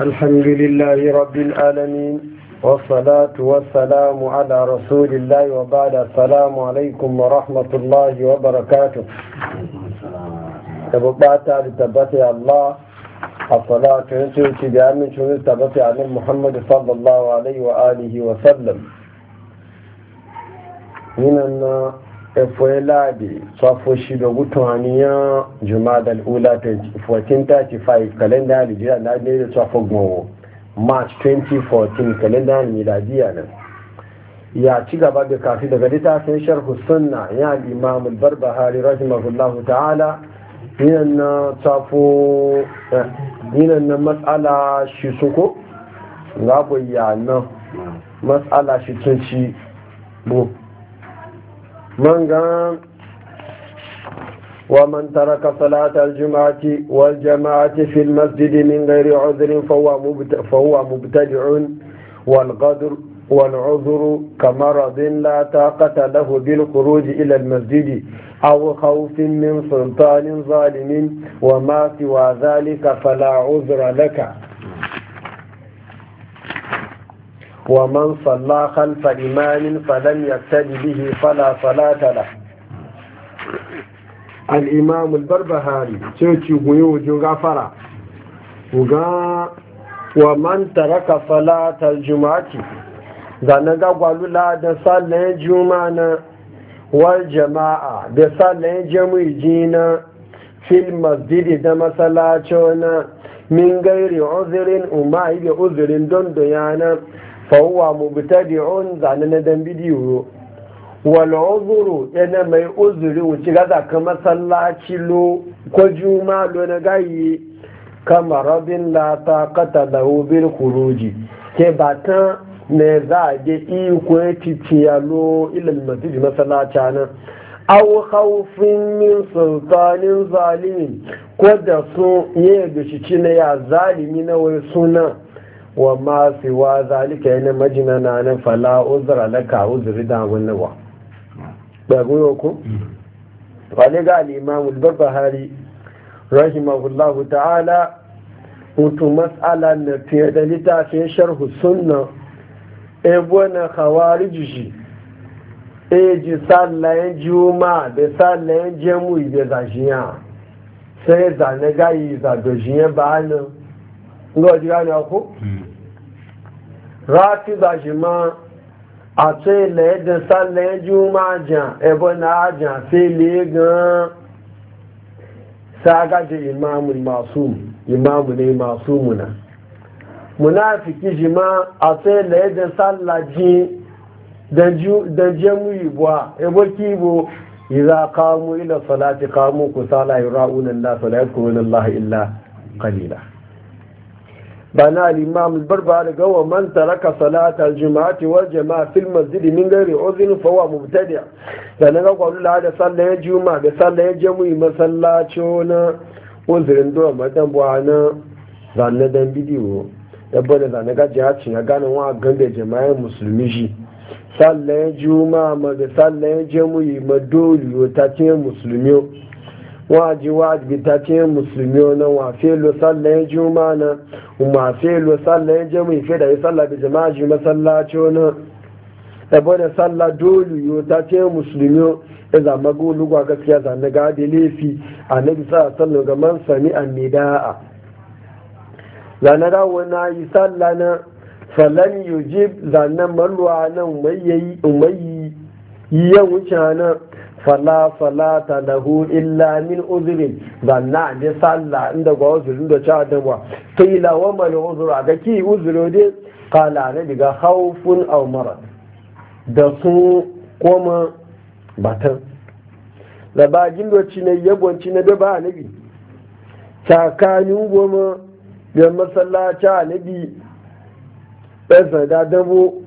الحمد لله رب العالمين والصلاة والسلام على رسول الله وبعد السلام عليكم ورحمة الله وبركاته تعالي لتبتع الله الصلاة ونسوك بأمن شمس تبتع عن محمد صلى الله عليه وآله وسلم من النار efoye labi tsafo shi da gutuwaniyar jumadal ula 1435 kalenda alijira na ne da tsafo gbawo march 2014 kalenda miladiya nan ya ci gaba da kafi daga littafin sharhu sunna ya imam al-barbahari rahimahullahu ta'ala yinan na tsafo yinan eh, na matsala shi suko ga matsala shi tun ci bu من قام ومن ترك صلاة الجمعة والجماعة في المسجد من غير عذر فهو فهو مبتدع والقدر والعذر كمرض لا طاقة له بالخروج إلى المسجد أو خوف من سلطان ظالم وما سوى ذلك فلا عذر لك ومن صلى خلف إمام فلم يقتد به فلا صلاة له الإمام البربهاري تيتي ويوجي غفرة وقال ومن ترك صلاة الجمعة zane gagwalula da tsallon juma na war jama'a da tsallon jami'i na fil masjidi da masalacin na min gairi uzurin umar da uzurin don doya na fawuwa mu bita di on zane na dan bidiyo wala ozuru yana mai ozuri wuce gaza ka masallaci lo ko juma lo na gayi kamar abin la ta kata da obin kuroji ke ba ta na je iko ya cici ya lo ilil masiji matsalaci ana awu haufin min sultanin zalimi ko da sun yi yadda shi cina ya zalimi na wai sunan wa ma siwa zalika yana majina na na fala uzra laka uzri da wannan wa ba goyo ku? Mm-hmm. wani ga al-imam al rahimahullahu ta'ala mutu mas'ala na fiye da littafin sharhu sunna e buwana khawarij e ji sallayen juma da sallayen jemu da sai zane gayi zadojiya ba ga jirani ko rafi ba shi ma a tsaye da yadda tsallayen juma jan ebo na ajan sai le e gan sagaje imamun masu imamu ne masu muna munafiki shi ma a tsaye e da yadda tsallaji dan jemu yibuwa ebo kibo iza kamu ila salati kamu kusala yi ra'unan da salayar kurunan illa kalila بنا الإمام البربر قوى من ترك صلاة الجماعة والجماعة في المسجد من غير أذن فهو مبتدع لأنه قول الله هذا صلى الجمعة صلى الجمعة ما صلى شونا وزرن دوا ما تنبوانا ظن دن بديو يبون ظن قد جهات شنقان وعقن دي جماعة مسلمي جي صلى الجمعة ما صلى الجمعة ما دولي وتاتين مسلميو waji wajibi ta ce musulmi wani wafe lo sallayen juma na wafe lo sallayen jami'i fe da yi sallah da jama'a ji masallaci wani ebe da sallah dole yo ta ce musulmi ya zama gulugwa gaskiya zane ga da laifi a na bisa sallah ga man sami a nida'a zane dawo wani yi sallah na falan yujib zane maluwa na umayi yi yan wuce na. fala fala salata lahu illa min uzrin na je salla inda gwa uzrin da cha da wa qila wa mal uzra ga a uzro de qala ne diga daga haufin marad da su koma batan da ba gindoci ne yabonci na da ba anabi tsakanin goma da masallaci anabi ɗan sanda dabo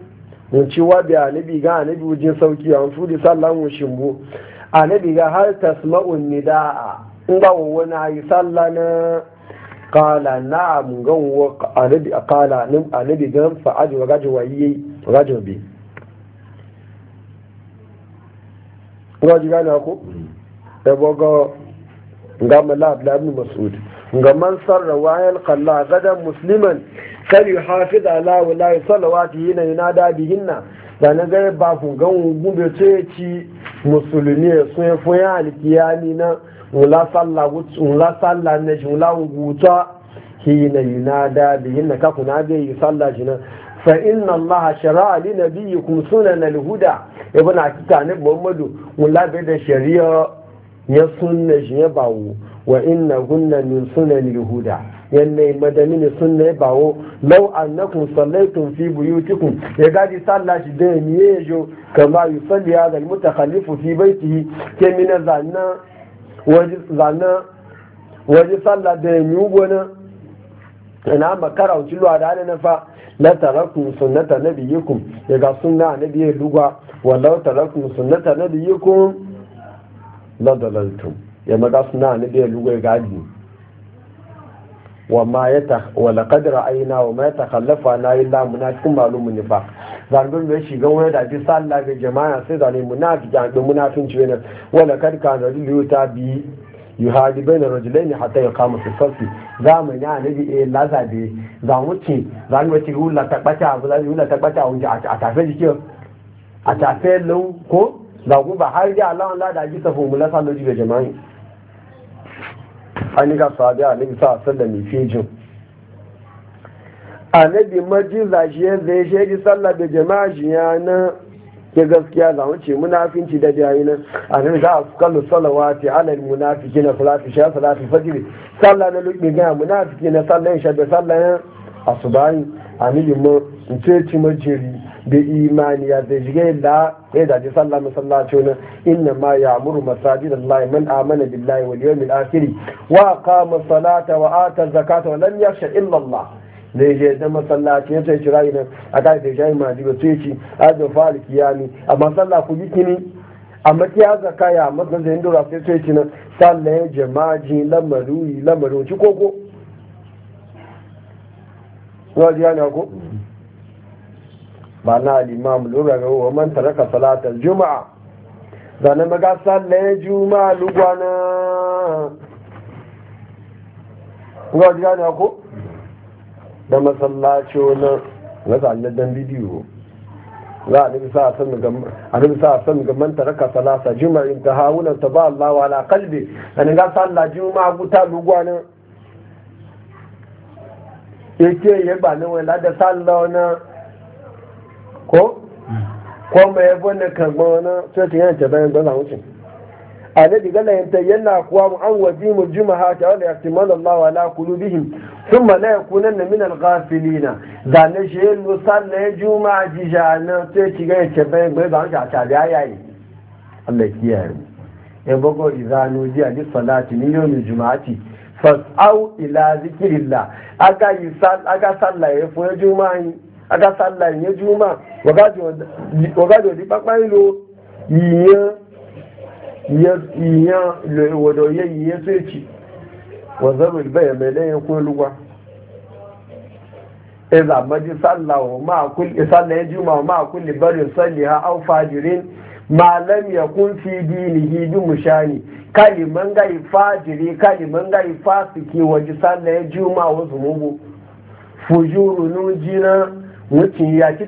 mun ci wa bi anabi ga anabi wajen sauki a wasu da sallan mu shimbo annabi ga har tasma'un nida'a in wani yi sallah na qala na'am ga wa annabi qala nim annabi ga fa aji wa gaji wa yi gaji bi gaji ga na ko da boga ga malab da ibn mas'ud ga man sarra yal qalla gadan musliman kal yuhafiz ala wa la salawati hina yunada bihinna da na ga ba ku gan gumbe ce ci musulmi ya sun fún yá alkiyami na nla salla na shi nla wuta ki na na da yin na kaku na ga yi salla shi na fa inna allah shara'a li nabiyyikum sunan alhuda ibn akika ne muhammadu nla bai da shari'a ya sunna shi ya bawo wa inna gunna min sunan alhuda yanne madamini sunna ya bawo law annakum sallaitum fi buyutikum ya gaji sallah shi da ni jo kama yusalli hadha almutakhallifu fi baytihi ke min zanna waji zanna waji sallah da ni ubona ina makara uci luwa da ana fa la tarakum sunnata nabiyikum ya ga sunna nabiye lugwa walau tarakum sunnata nabiyikum la dalaltum ya maga sunna nabiye lugwa ya gaji wa ta? ya ta kallafa na yi يتخلف عنا cikin malu معلوم النفاق zandun mai shiga wani da fi sallah ga jama'a sai zane munafiki a ɗin munafinci ne wala kar ka zari ta bi hadi bai na rajulai ne hatta ya kama su sarfi zamani a nabi eh laza be za mu ci za mu ce hula ta ɓata abu za hula ta ɓata wunji a tafe jiki a tafe lau ko za ba har yi Allah Allah da ji safin fomula sa lojiga jama'a an ga sadi a nabi sa sallam fi a nabi majin zajiye zai shaidi sallah da jama'a jiya na ke gaskiya za mu ce munafinci da jayi nan annabi za a kallu salawati ala munafiki na salatu ya salatu fajr sallah na lukmi ga munafiki na sallah sha da sallah asubahi anibi mo nce ci majiri da imani ya zai shiga yadda e ya dace sallah masallaci wani inna ma ya amuru da Allah man amana billahi wal yawmil asiri wa qama salata wa ata zakata wa lam yakhsha illa Allah da ya je da masallaci ya sai kira a aka sai shayi ma ba sai ci azu fal kiyami amma sallah ku yikini amma kiya ya amma zan dora sai sai ci na sallah ji lamaru lamaru ci koko wajen yana ko ba na alimamu lura ga wa man taraka salatar juma'a zanen maga sallaye juma'a lugwana wajen yana ko da masallaci wani na zanen dan bidiyo za a nufi sa san ga man taraka salata juma'a in ta hawunan ta ba Allah wa ala kalbi zanen ga sallah juma'a guta lugwana yake ya ba ni wani lada sallah wani ko ko na karɓa wani sai ta yanke bayan gaza wuce a da diga na yanta yana kuwa mu an waje mu juma ha ta wani yaktiman Allah wa la kulubihim sun ma la fili na minal ghafilina lu na ya juma a na sai ci ga yanke bayan gaza a tabi a yayi Allah kiyaye mu ya bago izanu jiya ni salati ni yau Juma juma'ati fas'au ila zikirillah aga yi aga sallaye ya juma yi aga sallaye ya juma wagajo di papa ilo yiyan yiyan lo iwodo ye yiyan so eci wazaru ilbaya mai lẹ́yìn kún olúwa iza maji sallawo ma kulli sallaye juma ma kulli barin salliha au fajirin ma lam yakun fi dinihi bi mushani kaliman gai fajiri kaliman gai fasiki waje sallah ya juma wasu mugu fujuru nujina muti ya ci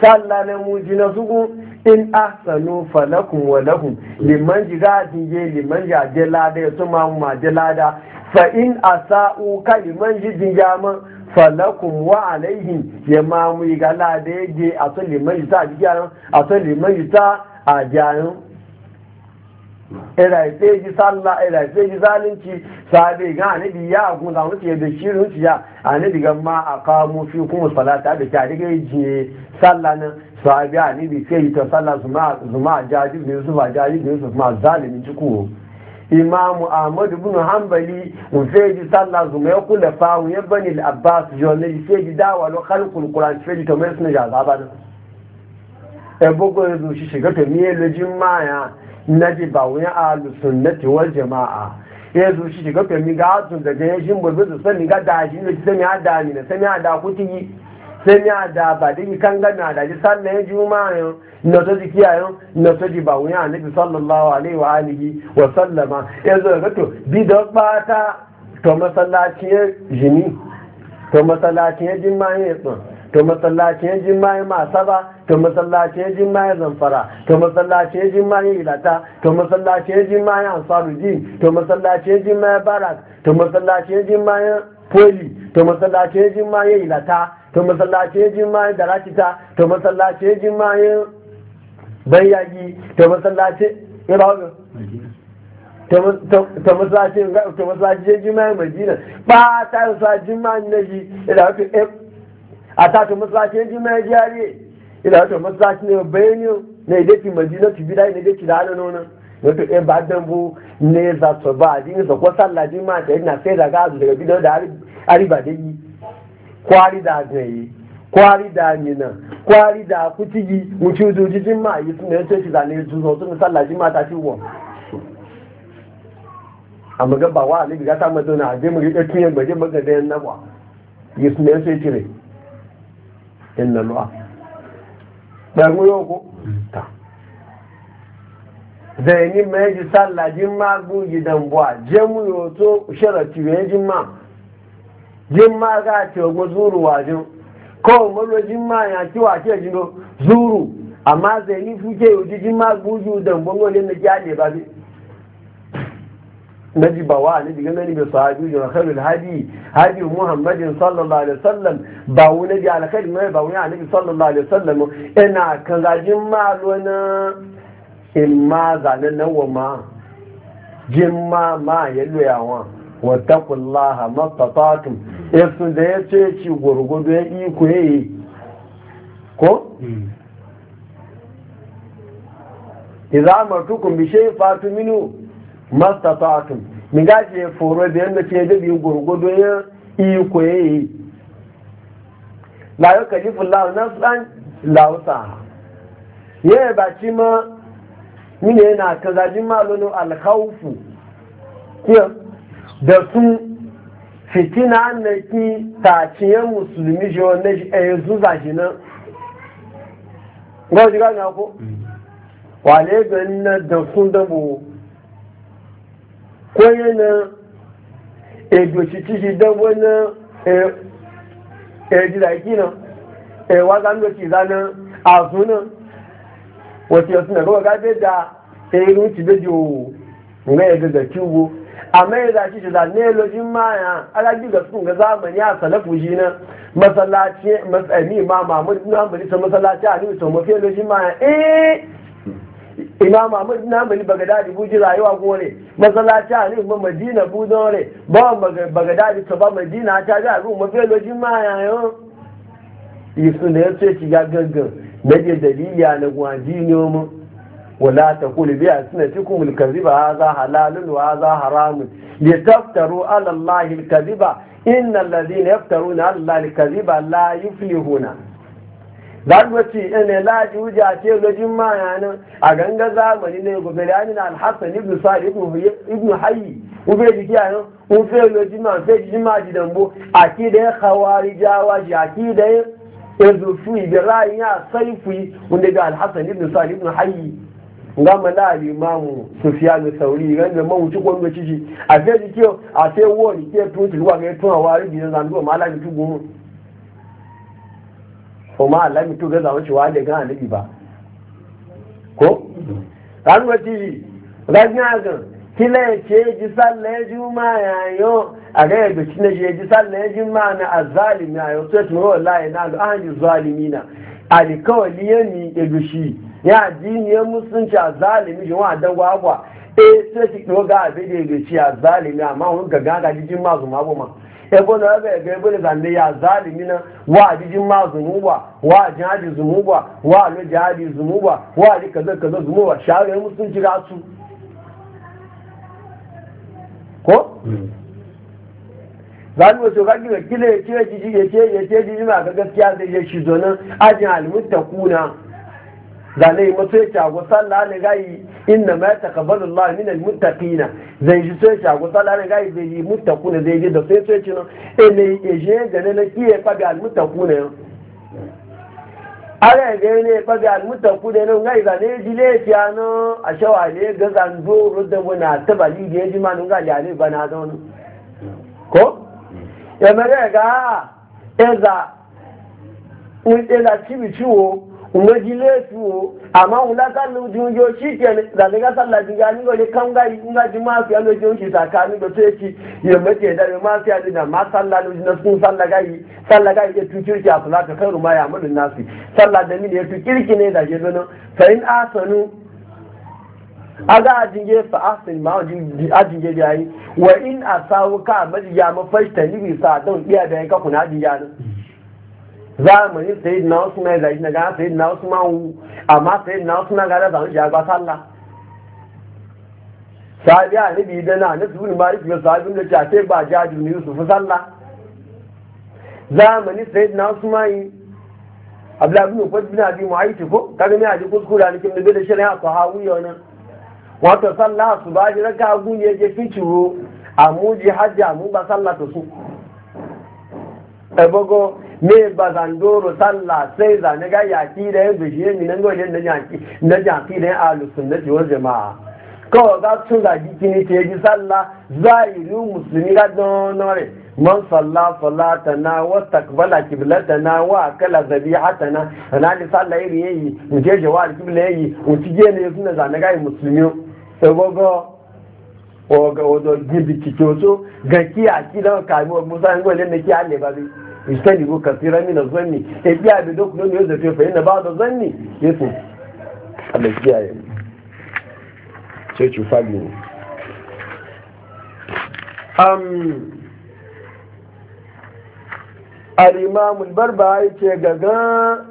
sallah na mujina suku in ahsanu falakum wa lahum liman jiga dinje liman ja lada ya tuma ma de lada fa in asa'u kaliman ji ma falakum wa alaihim ya ma mu ga lada je a liman ta a asali ji ta ajayan iraife ji sallah iraife ji zalunci sabe ga anabi ya kun za mu ce da shi ruciya anabi ga ma aqamu fi kum salata da ta diga ji sallah nan sabe anabi sai ta sallah zuma zuma jaji ne su ba jaji ne su ma zalimi ci ku imam ahmad ibn hanbali un sai ji sallah zuma ya kula fa ya bani al-abbas jo ne sai ji dawa lo khalqul qur'an sai ji to mai suna jazaba da ebogo yanzu shi shiga ta miye lojin maya na ji ba wuyan alu sunnati wal jama'a ya zo shi shiga kami ga hatun da ya shin burbi su sani ga da shi ne sani a da mina sani a da kuti sani a da ba da yi kan gana da ji sallan ya juma yau na to ji yo na to ji ba wuyan annabi sallallahu alaihi wa alihi wa sallama ya zo ga to bi da bata to masallacin jini to masallacin jin ma ya tsan to masallacin masa ba to masallacin ya zamfara to masallacin jima'i ilata to masallacin jima'i ansaruddin to masallacin ya barak to masallacin ya poli to masallacin jima'i ilata to masallacin ya darakita to masallacin jima'i bayyagi to masallacin irawin ta masallacin ya majina, ba ta yi sa jima'i na shi da haka atatu ne juma'a jari ila wato masallacin ne bayani ne da ke madina tu bidai ne da ke da hannun nan wato e ba dan bu ne za su ba din so ko ma ta, yi na sai daga gazu daga bidan da ari ba dai kwari da zai kwari da nina kwari da kutigi mutu doji ma yi suna ne ce zane su ne su so sun ma ta ci wo amma ga ba wa ne ga ta madona a je mu ga tunyan baje magadayan nabwa yi sun ne sai tire illallah ɗan yoko ta zai ni mai ji sallah jin ma gugi dan buwa je mu yoto sharati ya jin ma jin ma ga ce go zuru wajin ko mu lo jin ma ya ki wa ke jin zuru amma zai ni fuke yoji jin ma gugi dan buwa ne ne ya ba bi naji ba wa ne diga nani bai sahabi da khairul hadi hadi muhammadin sallallahu alaihi wasallam ba wu naji alkhairi mai ba wu ya nabi sallallahu alaihi wasallam ina kan gajin malo in ma zanen nan wa ma jin ma ma ya loya wa wattaqullaha mastata'tum yasu da yace ci gurgudu ya iko yayi ko hmm. idza amartukum bi shay'in fatu minhu masta ta'atun mi gashi ya foro da yadda ce jabi biyu gurgudu ya iko ya yi la yau kalifin lawa na tsan lausa ya yi ba ci ma mine yana ka zaji malonu alhaufu da sun fitina na ki taciyar musulmi shi wanda shi a eh, yanzu zaji nan gwaji ko mm. wale ganin na da sun dabo kwanye na edochichi shi dabo na ejidaki na ewa zandoci zanen azu na wata yasu na gaba gaje da erin ci beji owo nga ya gaga kiwo amma ya zaci shi zane lojin maya alaji ga sun ga zamani a salafu shi na masallaci masani ma mamud na ambalisa masallaci a nemi sau mafi lojin maya eh imam ahmad na mali bagadadi ji rayuwa gore masallaci ali ma madina bu dore ba bagadadi ta ba madina ta ga ru ma beloji ma yayo yisu ne sai ci ga gaga da je dalili na ne mu wala taqulu bi asnatikum alkaziba za halalun wa za haramun Ya litaftaru ala allahi alkaziba innal ladhina yaftaruna ala allahi kaziba la yuflihuna Za zanwaci ne laji wuja ce gajin mayanin a ganga zamani ne gobe da yanin alhassan ibn sa'ad ibn hayyi ube jiki a nan ufe gajin ma fe jijin ma ji dambo a ki da ya hawari jawa ji a ki da ya ezufu ibi ra'ayin ya saifu wanda ga alhassan ibn sa'ad ibn hayyi gama na alimamu sufiyanu sauri ran da mawuci kwanwa ciki a fe jiki a fe wori ke tun ci ruwa ga ya tun a wari biyan zanuwa ma alaji tugu mun kuma Allah mutu ga zama cewa da ga annabi ba ko ran wati ran ya ga kila ce ji sallah juma yayo a ga yadda kina je ji sallah ma na azalimi ayo to to wallahi na al ahli zalimina alikawli yani edushi ya dini ya musunci azalimi jama'a dan gwagwa eh sai ki doga abin da ya ci azalimi amma wani gaga ga jijin mazu magoma ebe na ga ga ebo da ne ya zalimi na wa jijin ma zumuba wa jadi zumuba wa lo jadi zumuba wa li kaza kaza zumuba shawaye musun jira su ko hmm. zan wasu kaki da kila ya ce jiji ya ce ya ce jiji ma ga gaskiya zai ya shi zonin ajin alimuta kuna zalai masu ya cago sallah ne gayi inna ma taqabbalu Allah min almuttaqina zai ji sai ya agu tsala ne gai zai ji muttaquna zai ji da sai sai ci no e ne e je ga ne na kiye fa ga almuttaquna yo ala ga ne fa ga almuttaquna ne? gai za ne ji le fi ano a shawa ne ga zan zo rudda buna tabali da ji ma nun ga ya ne bana da ko e mare ga eza un eza cibi ciwo Ama lefu amma ulaka lujo jo shi ke da daga sallah diga ni gole kan ga yi ngaji ma fi allo jo shi sakani da sai ki ya mace da ma fi allo na, ma sallah lujo na sun sallah ga yi sallah ga yi ya tuki ki afla ka kai ma ya mudun nasi sallah da ni ya tuki kirki ne da je dono fa in asanu aga ajinge fa asin ma ajinge da yi wa in asawu ka majiya ta ni bi sa don biya da ka kuna ajinge ne zamani sai na wasu mai zai gana na wasu mawu amma na wasu na gana zanen sallah a nabi da na nasu bin mari fiye sabi da cafe ba jaju ne su sallah zamani sai na wasu mai abdullahi bin ukwai bin abi mu ko kaga ne a ji kuskura ne kin da da a sahawi yana wato sallah su ba ji raka gunye je fi ciro a muji hajji a mu ba sallah ta su ebogo me bazandoro sallah sai ne ga yaki da yanzu shi ne nan na yaki na yaki da ahlus sunnati wal jamaa ko ga tun da gikini te ji sallah zahiru muslimi ga donore man salla salatana wa takbala qiblatana wa akala dhabihatana ana ni sallah iri yi mu je jawar qibla yi mu je ne suna zane ga muslimi ebogo ọ̀gá ọ̀dọ̀ níbi kìkì oṣó gẹ̀kí àkídá a àmì ọ̀gbọ́nsá ń gbọ́n lẹ́nu kí á lè bá mi ìṣẹ́lẹ̀ ìwò kàtí rẹ́mi nà zọ́nì ẹbí àbẹ̀dọ́kùn lónìí ba zẹ̀fẹ̀ zanni? nàbà ọ̀dọ̀ zọ́nì yẹ́sùn àbẹ̀kí ayẹ̀ ṣéṣù fábì ni. alimamul barba ya ce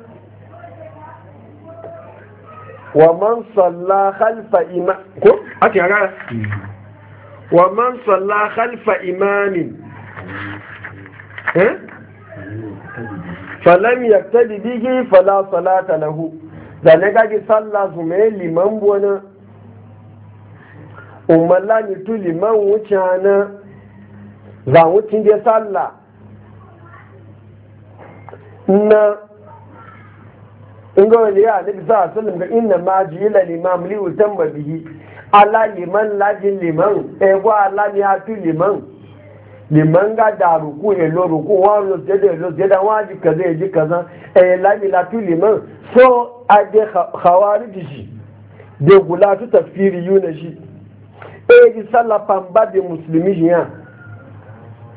wa man salla khalfa ima ko ake gara mm-hmm. wa man salla khalfa imamin eh? falam yaktadi bihi fala salata lahu da ne gaji salla zume liman bona umalla ni tu liman wuce na za wucin je salla na in ga wani ya nabi sa sallam ga inna ma jila limam li utamma bihi ala liman laji liman ebo ala ni atu liman liman ga da ruku elo ruku wa lo jeda elo jeda wa kaza ji kaza e la la tu liman so ade tafsiri yuna ji e ji sala pamba de muslimi ji ya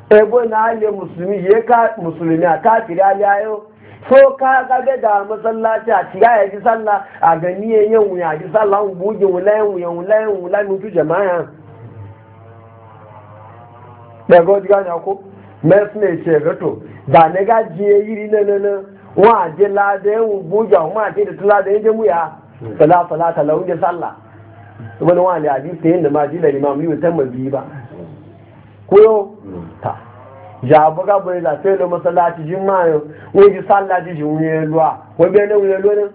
ebo na ale muslimi ye ka muslimi a so ka gabe da masallaci a shiga ya ji salla a gani ya yin wuya ji sallah un buge wula yin wuya wula yin wula mutu jama'a da ga wajen gani ko mes ne ce gato da na gaji yiri na na na wa je lada yin buge ce da tula da yin wuya sala sala ta lauje sallah wani wani da ma ji da imam yi mutum ba ko ta jaabu ka bɔ ila sai dɔ masallaci ji maa yɛ o yi salati ji a o ne wuli lɔ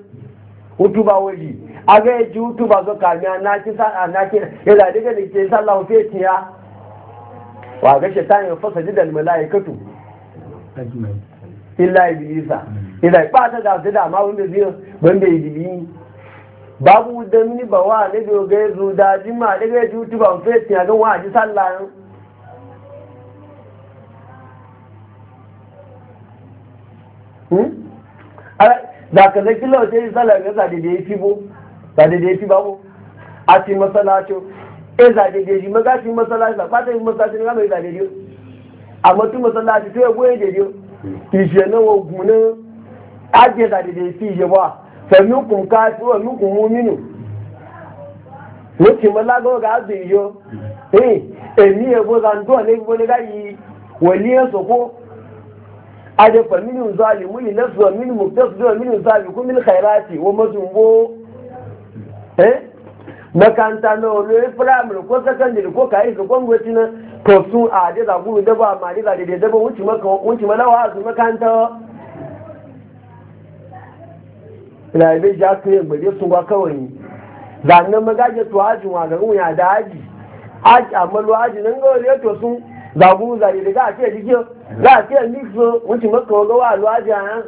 ne a bɛ ji o tuba so k'a a n'a ti sa a n'a ti yɛlɛ a de ka nin tiɲɛ sala o fɛ tiɲɛ wa a bɛ sɛ tan yɛ fɔ sadi dalimɛla ye kɛtu ibilisa mm. da se da ma o bɛ biyo babu dɛmini ba wa ne bɛ o gɛ zu daa ji maa ne bɛ ji o ya o fɛ wa a sallah Hmm? da zai kila wace yi ndị ga zade fi bo fi a ci masalacin e eh, zade da maza ci masalacin da fata yi masalacin da gama a matu masalacin sai ya goye da hmm. eh, eh, ya ishe na wa gunan ajiye zade fi ba sami wa muminu wacce malaga ga emi ebo ne ga yi waliyan soko ajefa fa zalimu li nafsu wa minu muktasu wa minu zaliku min khairati wa mazumbo eh makanta na olo primary ko secondary ko kai ko gwamnati na to su a da da da ba ma da da da ba wuce maka wuce mana wa su makanta ina be ja ku yin bare su ba kawai zannan magaje to ajin wa garin ya da aji aji amma aji nan ga to sun zagun zari da za a ce jikin za a ce nixo wuce maka waga wa a nan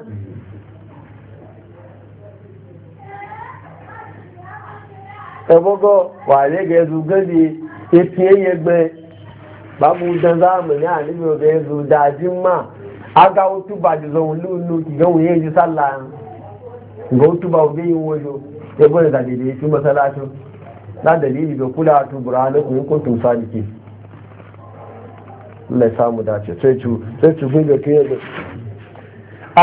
ẹgbogbo wà lẹ́gẹ̀ẹ́ ẹzù gẹ́gẹ́ etí ẹyẹ gbẹ bàbá udan záàmù ní àníbi ọ̀gẹ̀ ẹzù dáadí mà agáwó túbà jùzọ̀hún lóòlù kìgẹ́wò yẹn ju sálà ǹgọ́ túbà yìí wọ́jọ àtúbùrà alẹ́kùnrin kò tó الله يسامو داتي سيتو سيتو فيه كيه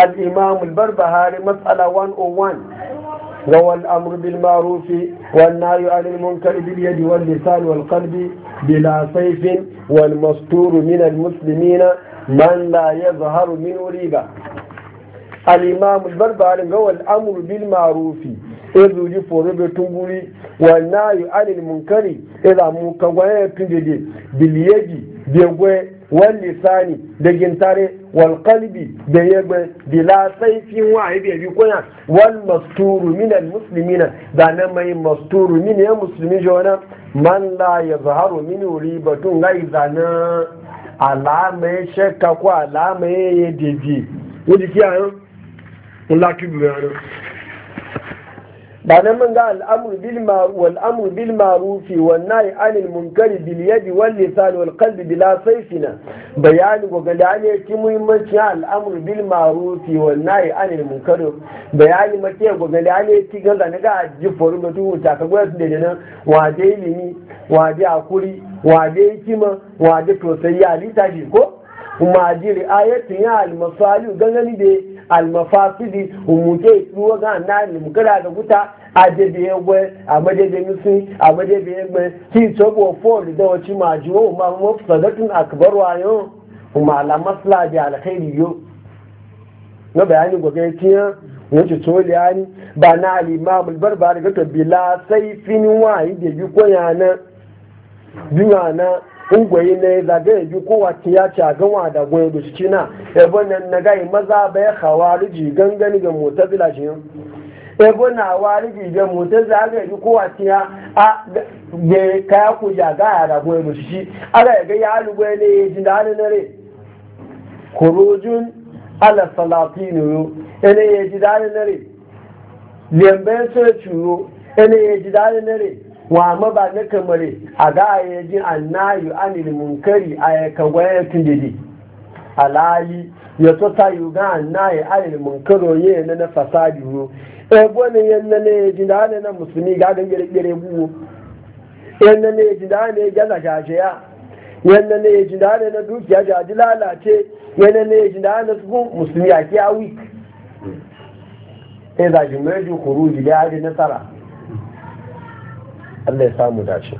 الإمام البربهاري مسألة 101 هو الأمر بالمعروف والنهي عن المنكر باليد واللسان والقلب بلا سيف والمستور من المسلمين من لا يظهر من ريبة الإمام البربهاري هو الأمر بالمعروف إذ يجف ربع تنبولي والنهي عن المنكر إذا مكوين تنجد باليد begwe wal lisani da gintare wal qalbi da yagwe bila saifin wahi bi bi koya wal masturu min al muslimina da nan mai masturu min ya muslimi jona man la yazharu min ribatun gai zana alama ya shakka ko alama ya yi deji yadda kiyayen Allah tubu bayanin ba nan mun ga al'amru bil ma'ruf wal amru bil ma'ruf wan nahy anil munkari bil yadi wal lisan wal qalbi bila sayfina bayani go ga dane ki muhimmanci al'amru bil ma'ruf wan nahi anil munkari bayani mace go ga dane ki ga zan ga ji foru da tu ta ka gwas da nan waje wa waje akuri Wa Wa sai ya waje ta ji ko kuma ajiri ayatin ya al masali ganani da almafafili umuke ruwa ga na limkira da guta ajebe egbe amadebe nusi amadebe egbe ki tobo ford da wace majuwa ma mafadatun akbar wayo kuma la masla bi alkhairi yo na bayani gobe kiyan yace tole ani ba na al-imam al-barbari ga bila saifin wa yi da yi koyana duna na ungwayi ne zage yi bi kowa tiya ci a ganwa da gwaya da shi na ebo na naga maza bai hawariji gangani ga mota zila shi yin ebo na hawariji ga mota zaga ya bi kowa tiya a ga kaya ku ja ga ya da gwaya da shi ala ya ga ya alugwai ne ya ji da hannun nare kurojun ala salatinu yo ene ya ji da hannun nare lembe so ya curo ene ya ji da hannun nare wa ma ba na kamar a ga a yaji annayu anil munkari a ya kagwaye tun didi? alayi ya to ta yi ga annayu anil munkaro ye na na fasadi ro e bone yan na ne ji da na musulmi ga ga gere gere bu yan na ne ji da ne ga ga jaje ya yadda ne ya ji ne na dukiya ga ji lalace yadda ne ya ji ne su musulmi a kiya wik sai e za shi mai ji kuru ji da yari nasara Allah ya samu dace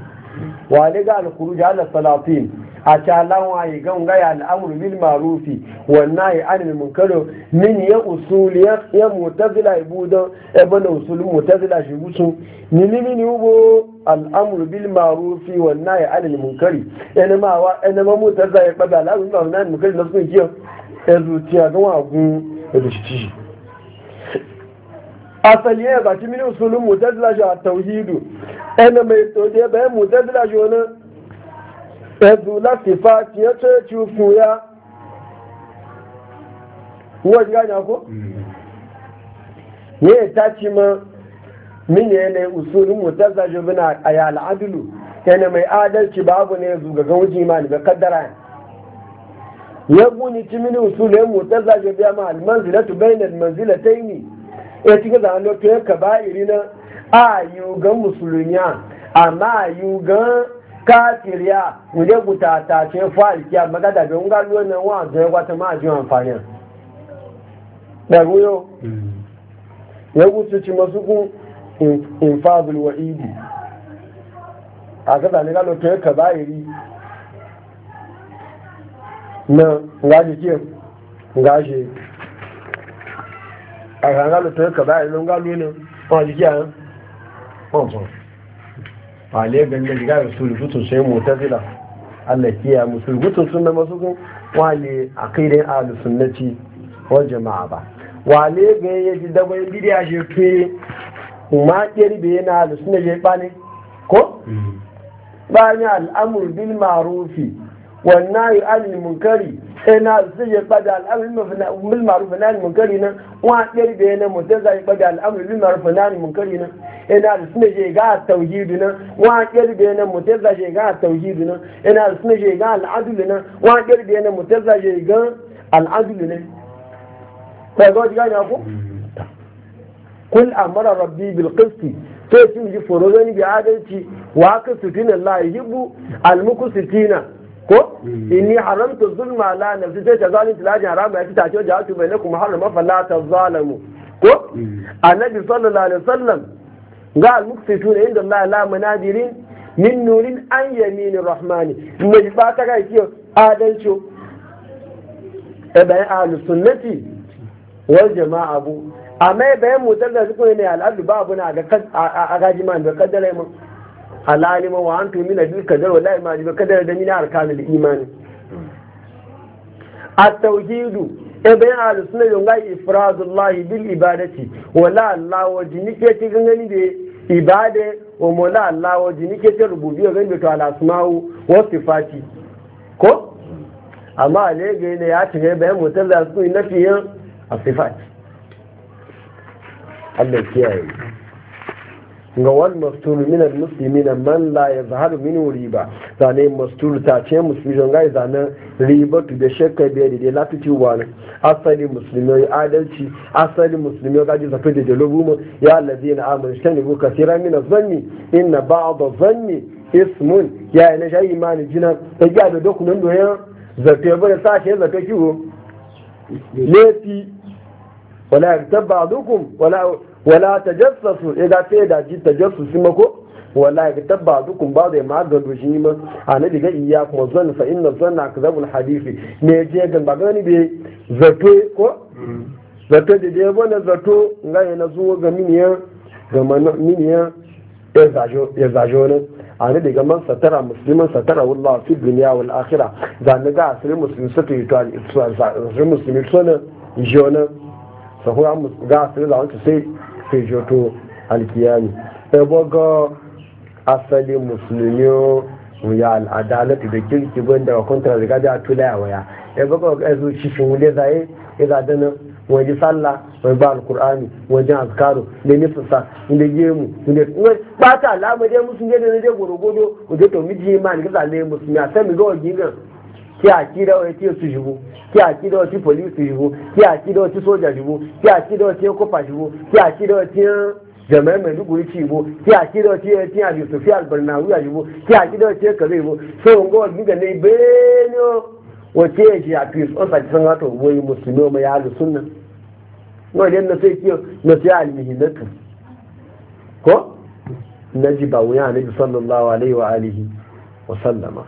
wa ne ga alkhuruj ala salatin a ta lawa yi ya al'amru bil ma'rufi wa nahi anil munkar min ya usuli ya ya mutazila ibudo e bana usul mutazila shi gusu ni ni ni ubo al'amru bil ma'rufi wa nahi anil munkar ina ma wa ina ma mutazila ya bada al'amru bil ma'rufi na sun anil kiyo ezu tiya ga wagun ezu shi asali ya ba mini usulun mutazila a tauhidu ɗana mai tsoje bayan mutazila shi wani ezula sifa tiye ce cufu ya wa ji gani ako mm. ne ta ti ma mini yana usulun mutazila wani a yi al'adulu yana mai adalci babu ne ga wuji imani ga kaddara ya guni ci mini usulun mutazila shi biya ma almanzilatu bainal manzilataini ya ci gaza an ka ba iri na a yugan musulmiya amma yugan kafiriya wuje guta ta ce falki a ga da bin galo na wa da wata ma ji amfani da goyo ya gutu ci masu kun infabul wa idi a gaza ne galo to ka ba iri na ngaji ke ngaji àgbàǹgá ló tó kàbá ń gá lónìí wọn àjíjí àán wọn bọ̀ pàlẹ́ gẹ̀gẹ̀ ìṣòlù tó tún mú tẹ́sílà alakiya musulmi masu a kairin ba wale ya ji shi ƙeri bai ko al'amur wannan yi alil munkari sai na alu yi je bada al'amur bil na alil nan wa ɗari da yanayi mutum zai yi ɓaga al'amuri bin marufa na ni kari nan ina da suna je ga tauhidu nan wa ɗari da yanayi mutum zai je ga tauhidu nan ina da suna je ga al'adulu nan wa ɗari da yanayi mutum zai je ga al'adulu nan ba ga wajen gani ko kul amara rabbi bil qisti sai sun ji foro zani bi adalci wa haka sutina la yuhibbu al muqsitina ko mm. inni haramtu zulma la nafsi sai ta zalunci lajin haramu ya fita cewa jahatu bai lakum harama fala ta zalamu ko mm. annabi sallallahu alaihi wasallam ga al ne inda Allah la munadirin min nurin an yamin rahmani mai ba ta ga kiyo adalcho e bai ahlus sunnati wal jama'a bu amma e bai mutalla su ko ne al-abdu babu na ga a gaji man da kaddara mun alalima wa an tumi na bil kadar wala imani ba kadar da mina arkanul imani at-tauhidu e bayan ahlus sunna yunga ifradullah bil ibadati wala allah wa jinike ti gangani da ibade wa mola allah wa jinike ti rububiyya gani to al asma'u wa sifati ko amma ne ne ya ci bayan mutar da su nafiyan as-sifati Allah kiyaye ga wani mastur minar al na man la zahar min riba zane mastur ta ce musulmi don gai e zane riba tu da shakka biya da lati tuci wani asali musulmi adalci asali musulmi ya gaji zafi da jalobu mu ya allazina amanu shani bu kasira mina zanni inna ba zanni ismun ya ina shayi imani jina ta e gya da dokunan doya zafi ba da sashe zafi kiwo lefi wala yaktab dukun wala wala ta tajassasu idan sai da ji tajassusi mako wala ya ba dukun ba zai ma ga doshi ma na ga iya kuma zan fa inna na kadhabul hadisi ne je gan ba gani be zato ko zato da dai bona zato ngai na zuwa ga miniya ga miniya ya zajo ya zajo ne annabi man satara musulman satara wallahi fi duniya wal akhirah zan ga asirin musulmi sato yi to al isra muslimi sunan jona sahura ga asirin da wanda sai to alkiyami ebo asali musulmi ya al'adalatu da kirki ban da kuntar da gaji a waya ebo ga ezu cikin wule zaye iza dana waje sallah wani ba alkur'ani wajen azkaru da nufisa inda gemu inda ba ta alamu dai musu ne da na dai gorogodo wajen to miji ma ni ka zale musulmi a sai mi ga ki a kira wani ke su shigo kí àkídọ̀ tí pòlíìsì yìí wo kí àkídọ̀ tí sójà yìí wo kí àkídọ̀ tí kópa yìí wo kí àkídọ̀ tí jẹ̀mẹ́ mẹ́lúkùrí tì wo kí àkídọ̀ tí ẹtí àbí sòfí àgbẹ̀rẹ̀nàwúyà yìí wo kí àkídọ̀ tí kẹlẹ́ yìí wo ṣé òun gbọ́ gbígbẹ̀ ní bẹ́ẹ̀ ni ó wace ya shi a fi tsofa cikin wata goyi musulmi mai yalu sunna no idan na sai kiyo na sai almihinatu ko na ji ba wuya na bi alaihi wa sallama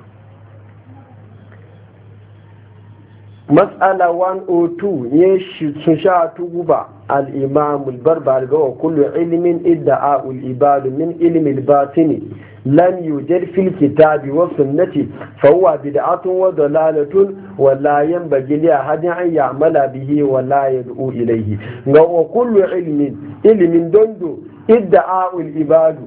matsala 102 ya sun sha tuguba al'imam albarbar ga wa kullu ilimin a ul'ibadu min ilimin batini lam yujad fil kitabi wa sunnati fa huwa bid'atun wa dalalatun wa la yanbaghi li ahadin an ya'mala bihi wa la yad'u ilayhi ga wa kullu ilmin ilmin dondo idda'a ul ibadu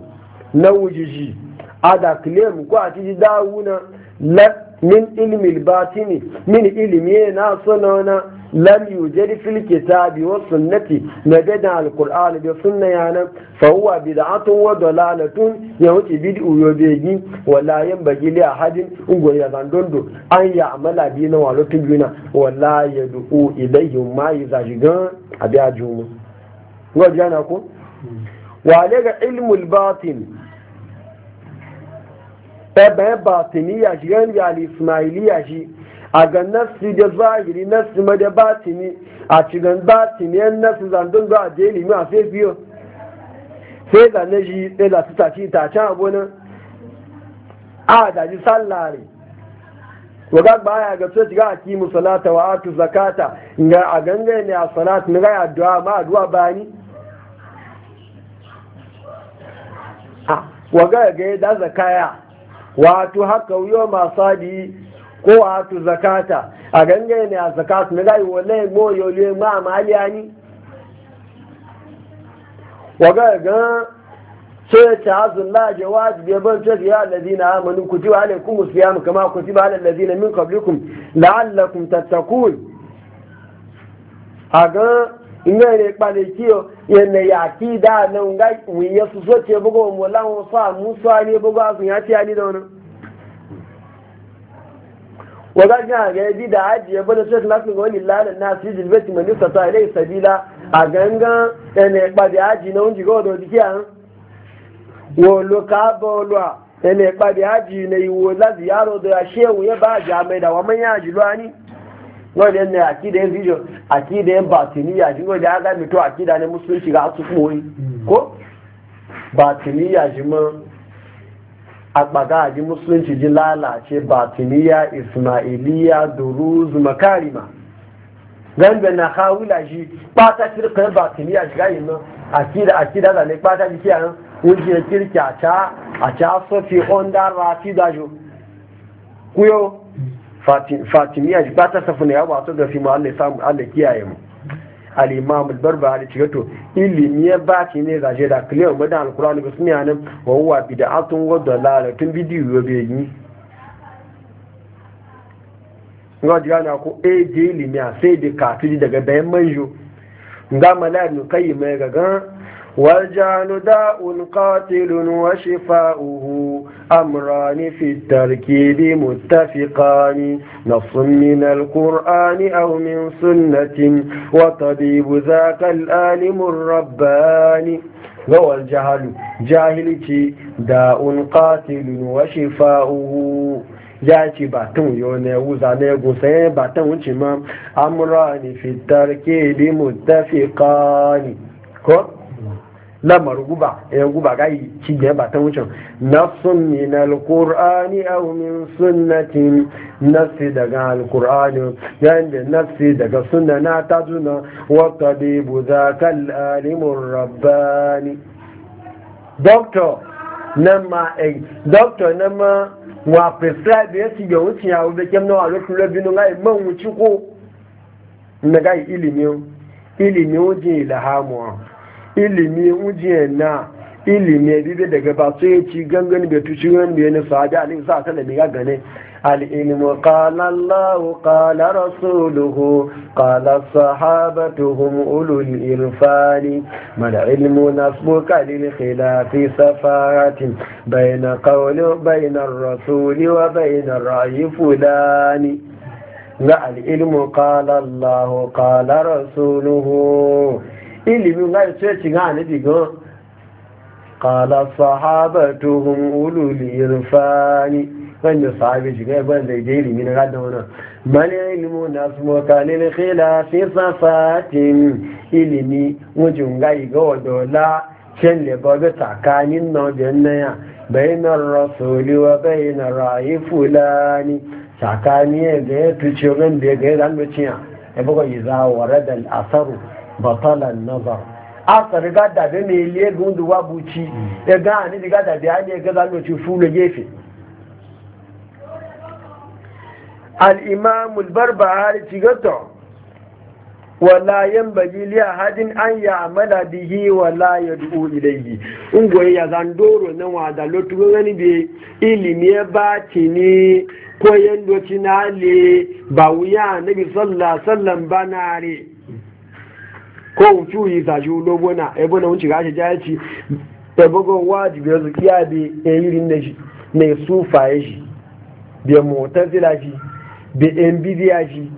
na wujiji ada claim ko a dawuna la min ilmi batini min ilimi na sunana lam yujad fil kitabi wa sunnati nabada al qur'an bi sunna yana fa huwa bid'atun wa dalalatun ya wuce bid'u yobegi begi wala yambagi li ahadin ungo ya zandondo an ya amala bi na walo tubuna wala yad'u ilayhi ma yuzajigan abi ajumu ngo jana ko wa daga ilmul batin ebe batiniya shi yan yali ismailiya shi a ga nasi da zahiri nasi ma da batini a cikin batini yan nasi zandun zuwa a jeli ma sai biyo sai da na shi sai da su tashi ta can abu nan a da ji sallare waga ya ga sai shiga aki musalata wa atu zakata ga a ganga ne a salatu na ga addu'a ma a duwa bani waga ga da zakaya wato haka wuyo masu ko wato zakata a gangaye ne a zakata na gayi wale mo yole ma maliya ni waga ga sai ta azun la jawaz bi ban ta ya alladina amanu kutiba alaikum siyam kama kutiba alal ladina min qablikum la'allakum tattaqun aga na ne kpane kiyo yana ya ki da na nga wiye su so ce bugo mu lawo fa mu so ani bugo asu ya ti ani da wannan waga ga ga bi da haji ya na fi jilbati man yusata ilai sabila a ganga ene kpa da na unji go do dikiya wo lo ka bo lo ene kpa ne la ya ba ja da wa ya wanda ne akida yin video akida yin batiniya shi wanda ya gami to akida ne musulunci ga su koyi ko batiniya shi ma agbaga aji musulunci ji lalace batiniya ismailiya duruz makarima ganda na kawula shi pata kirkan batiniya shi gayi ma akida akida da ne pata jiki a wujiyar kirki a ca a ca sofi on da rafi da jo kuyo fatimiya ba ta safi ne ya wato da fi ma'alla samu allah kiyaye mu al'imam barba da cikin to ilimi ya ba ci ne zaje da kliyar madan alkurani ba suna yanin wawuwa bida'atun wadda lalatun bidiyo bai yi nga jirana ko e je ilimi a sai da kafiri daga bayan manjo ga malayar nukayi mai gagan والجعل داء قاتل وشفاؤه أمران في التركيب متفقان نص من القرآن أو من سنة وطبيب ذاك الآلم الرباني هو الجهل جاهلتي داء قاتل وشفاؤه ya ce ba tan yau na yawu zane ya gusa ya ba wuce ma amura fitar ke bi mutafiƙa ko lamar guba ya eh, guba gayi ci da ba ta wucin nafsun min alqur'ani aw min sunnatin nafsi daga alqur'ani yanda nafsi daga sunna na ta juna wa tabibu zaka alimur rabbani doctor nama eh doctor ma wa prescribe ya ci ga wucin ya wube kem na wa lokacin labinu ngai man wuci ko na gayi ilimi ilimi wajin ilhamu ilimi ujiyar na ilimi ya bibe daga ba su yi ci gangan da tuci wani biyu na sahabi alayhi sa ta da biya gane al'ilmu qala Allah qala rasuluhu qala sahabatuhum ulul irfani mal ilmu nasbuka lil khilafi safaratin bayna qawli bayna ar-rasul wa bayna ra'yi fulani ga al'ilmu qala Allah qala rasuluhu ilimin ga sai cin ha ne diga qala sahabatuhum ulul irfani kan da sahabi shi ga ban zai dai ilimin ga da na man ilmu nasu makalil khilafi safatin ilimi wajin ga ga wadola can da babu tsakanin nau'in naya bainar rasuli wa bainar rayi fulani tsakanin ya ga ya tuce ran da ya ga ya zan muciya ya yi zawarar da asaru batalan nazar aka riga da da mai liye gundu wa buci ya mm. e ga ni riga da da ya e ga zalo ci gefe al-imam al-barbahari cigato wala yan bagi liya hadin an ya amala bihi wala ya du'u ilayhi in ya zandoro na wada lotu gani be ilimi ya ci ni, ko na cinale ba wuya nabi sallallahu alaihi wasallam banare ko in fi yi zaji e lobo e ebo na wuce gashi jayaci ebo go wajibi yanzu kiya bi eyirin na shi na sufa ya e shi bi zila shi bi nbidiya shi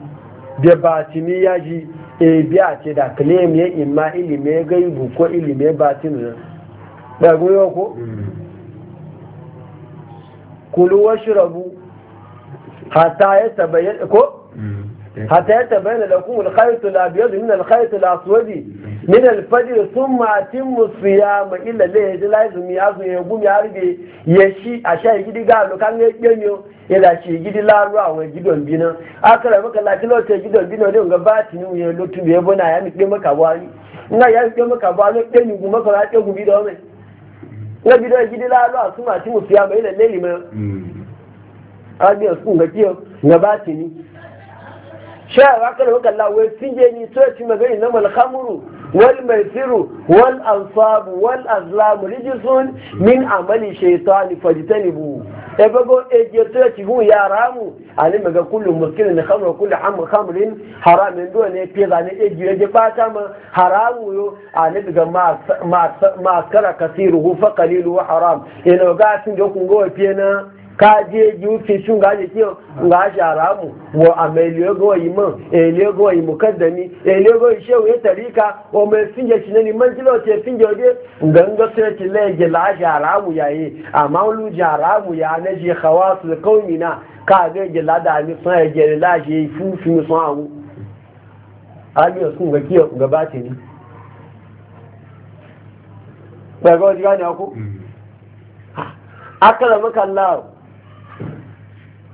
bi batini ya shi e biya ce da claim ya imma ilime gai buko ilime batinu na da yau ko kulu shirabu hata ya tabayyana ko حتى يتبين لكم الخيط الأبيض من الخيط الأسود من الفجر ثم أتم الصيام إلا اللي يجي لازم يعزم يقوم يعرف يشي أشياء يجي قالوا كان يجيو إلا شيء يجي لا روا ويجي بينا أكرم كلا كلا تجي بينا اليوم غبات نيو يلو تبي يبونا يا مكلمة كوالي na ya ke maka ba ne ke nugu maka na ke gumi da wani na bidan gidi la lo asuma ti mu fiya mai lalle ne ma a biya sun ga kiyo ga batini شاء عقله وقال الله ويسيني mai مغير إنما الخمر والميسر والأنصاب rijisun min من عمل الشيطان فاجتنبوه ebe eje to ya cihu ya ramu ali maga kullu muskilin na khamru kullu hamr khamrin haramin do ne fi zane eje eje bata ma haramu yo ali daga ma ma kara kasiru fa qalilu haram ina e ga sun go fi e na ka je ju fi shun ga je kiyo ga shara mu wa ameliyo go yi mun eliyo go yi mukaddami eliyo go yi shewu ya tarika wa mai finje shi ne man jilo ce finje ode ganga sai ti le je la shara mu yayi amma lu shara mu ya na je khawasul qaumina ka ga je la da mi sun je la je fu fi mi sun awu abi sun ga kiyo ga bati ni ba ga ji ga ku akala maka Allah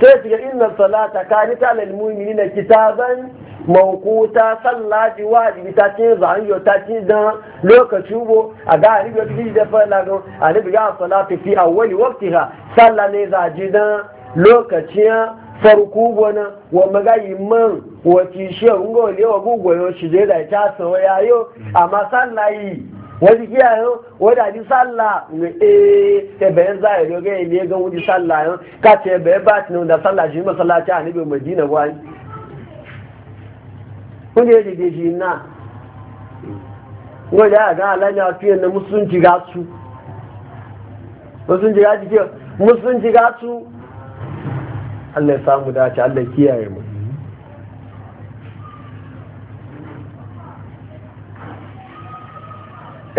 sai su ga inna salata ka ni ta lal mu'minina kitaban mawquta sallati wajibi ta ce zan yo ta ce dan lokacin bo a ga ni ga ji da fa la go ani bi ga salati fi awwali waqtiha salla ne za ji dan lokacin farko gona wa magayi man wa tishe ngo wa gugo yo shi da ta so yayo amma sallayi wani iyayen wani ani sallah ne ee ebe n za ero ga ene ga wuji sallah yon kati ebe ba ti ne wunda sallah shi masallaci a nibe mai dina gwani kuni ya jide shi na wani ya ga alanya fiye na musulunci ga su musulunci ga su allah ya samu dace allah kiyaye mu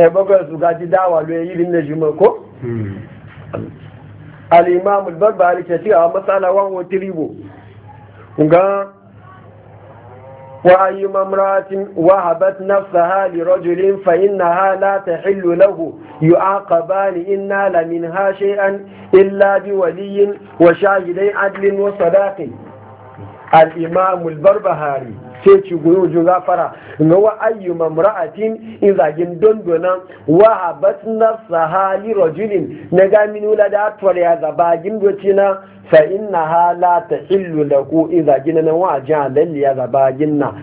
bakwai su gaji dawa lo yi rin na ko al barbari ke ci a matsala wan wa tribo ga wa ayi mamratin wa habat nafsaha li rajulin fa innaha la tahillu lahu yu'aqabani inna la minha shay'an illa bi waliyin wa shahidai adlin wa sadaqin al-imam al-barbahari sai ci guri ju gafara ga wa ayyu mamra'atin in zagin dondona wa habat nafsaha li rajulin na ga min wala da atwar ya zaba gin doci na fa innaha illu da ku in zagin nan wa jalan ya zaba ginna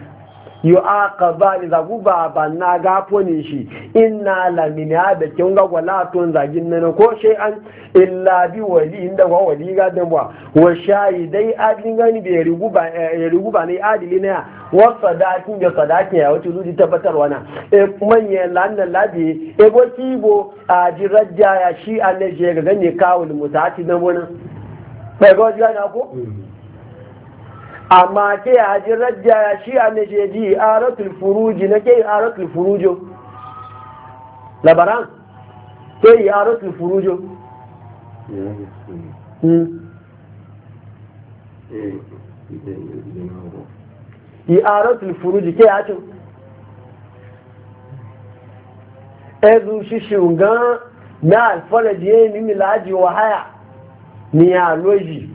yu aka ba ni zagu ba ba na ga poni shi inna ya da kin ga wala tun zagin nan ko shi an illa bi wali inda wa wali ga dan wa wa dai adin gani bi rigu ba eh, rigu ba ne adili ne wa sadaki da sadaki ya wato zuci tabbatarwa na e manye lannan labi e go tibo a jirajja ya shi an ne je ga gane kawul mutati dan wani bai ga ko mm. amma ke ya ji rajja ya shi a nijeji ji aratul furuji na ke yi aratul furujo labaran ke yi aratul furujo hmm? yi aratul furuji ke ya cin ezu shi shugan na alfaraji ya yi mimi laji wahaya ni ya loji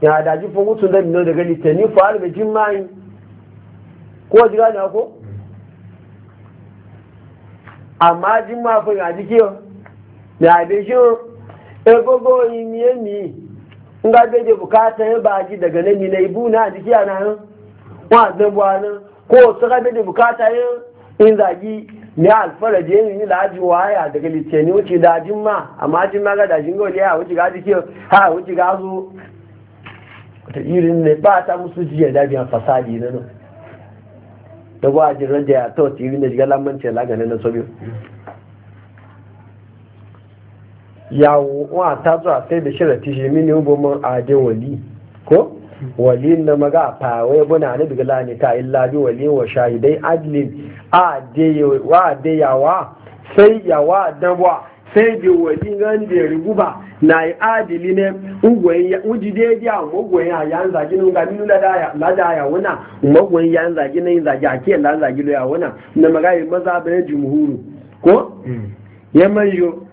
ya daji fun mutum da mino daga litani fa'ar da jin ko jira na ko amma jin ma fun ya jike ya be shi egogo mi ni nga be je bukata ya baji daga nan ni na ibu na jike ana wa da bwana ko saka be bukata ya in zagi ni alfaraji yin ni laji waya daga litani wuce dajin ma amma jin ma wuce ga jike ha wuce ga zo ta irin ne ba ta musu jiya da biyan fasadi na nan da ba jin rage a ta wata irin da shiga lamanci lagane na sobe ya wa ta zo a sai da shirin tishe mini hukumar aje wali ko wali na maga fa fawai buna ne daga lani ta illa bi wali wa shahidai adlin a de de wa deyawa sai yawa dan wa sai da wani gan riguba na yi adili ne uji di a magwai a yan zagi nun gami nuna lada ya wuna magwai yan zagi na yin zagi a kiyar lan zagi ya wuna na magayi maza bayan jumhuru ko hmm. ya manjo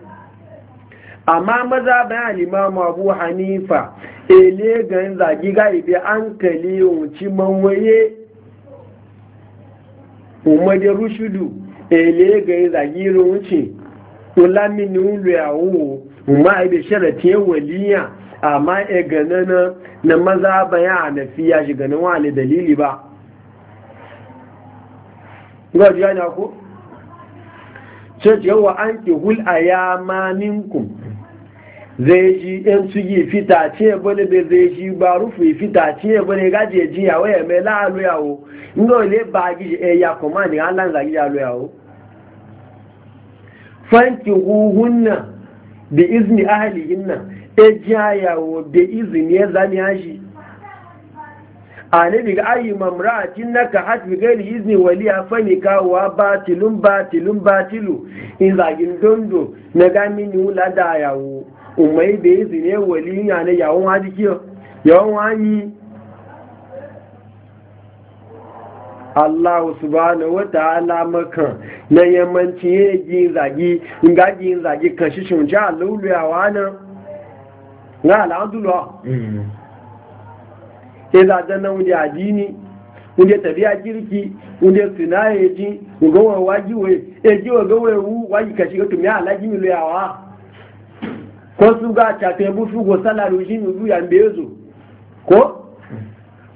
amma maza alimam limamu abu hanifa ele gan zagi gaibe an kali wuci manwaye umar rushudu ele gan zagi ulami ni ulu ya wo ma ibe sharati ya waliya amma e ganana na na maza bayan anafiya shiga na wani dalili ba gaji ya na ku church yawa an ki hul a ayama minkum zai ji yan su yi fita ce bane bai zai ji ba rufe fita ce bane gaji ya ji yawo ya mai la'alu yawo ndo ile ba gije e ya kuma ni an lan zagi yawo yawo fanki hunna da izini ahalihinna e jayawo da izini ya zani hashi a ne daga ayi mamra'atin na ka hatfi gairi izini waliya fani kawowa batilun batilun batilu in zagin dondo na gami ni wula da yawo umai da izini wali yana yawon hajji yawon hanyi Allah subhanahu ta'ala maka na yammanci ya yi zagi in ga yi zagi kan shi shi wuce aluluyawa mm. nan na al'adulwa ya zaɗa na wunde adini wunde tafiya kirki wunde suna ya ji gowar waji wai ya ji wa gowar wu waji shi ga tumi alaji wa? ko su ga cafe busu go salari shi milu ya mbezo ko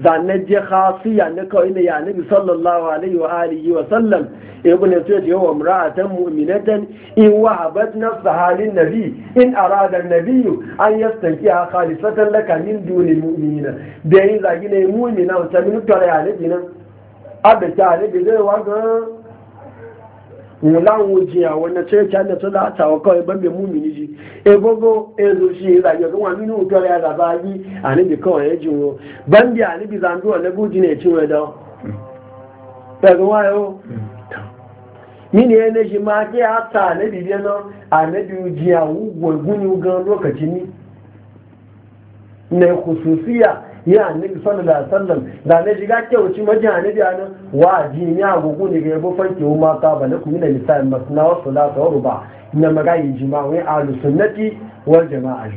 zanen je khasiya na kawai na ya nabi sallallahu alaihi wa alihi wa sallam ibn sayyid yawa imra'atan mu'minatan in wahabat nafsaha lin nabi in arada an-nabi an yastankiha khalisatan laka min dunil mu'minina da yin zagi ne mu'mina wata min tare ya nabi nan abda ta nabi zai wa ga wòlá àwọn òjì àwọn ẹ̀nà tí ó ti àjẹ́ tó láta ọkọ̀ ẹgbẹ́ mi mú mi níyì egbogbo èrò sí ìrìnàjò tó wọn nínú òjò rẹ̀ àgbà yí àníbì kan jù wọn bẹ́ńdì àníbì zandu ọ̀lẹ́gbò jìnà ètí wọn dán pẹ̀lú wọn yóò mí ni ẹni ṣe máa kí á ta àníbì yẹn náà àníbì òjì àwọn ògùn ẹ̀gún gan lókàtí ní nà ẹ̀kọ́ sòsíyà ya annabi sallallahu alaihi wasallam da ne diga ke wuci maji annabi anan wa jini ni agogo ne ga yabo fanke ma ka ba na kuma ne misali masna wa salatu wa ruba na magayi jima'i A ahlus sunnati wal jama'a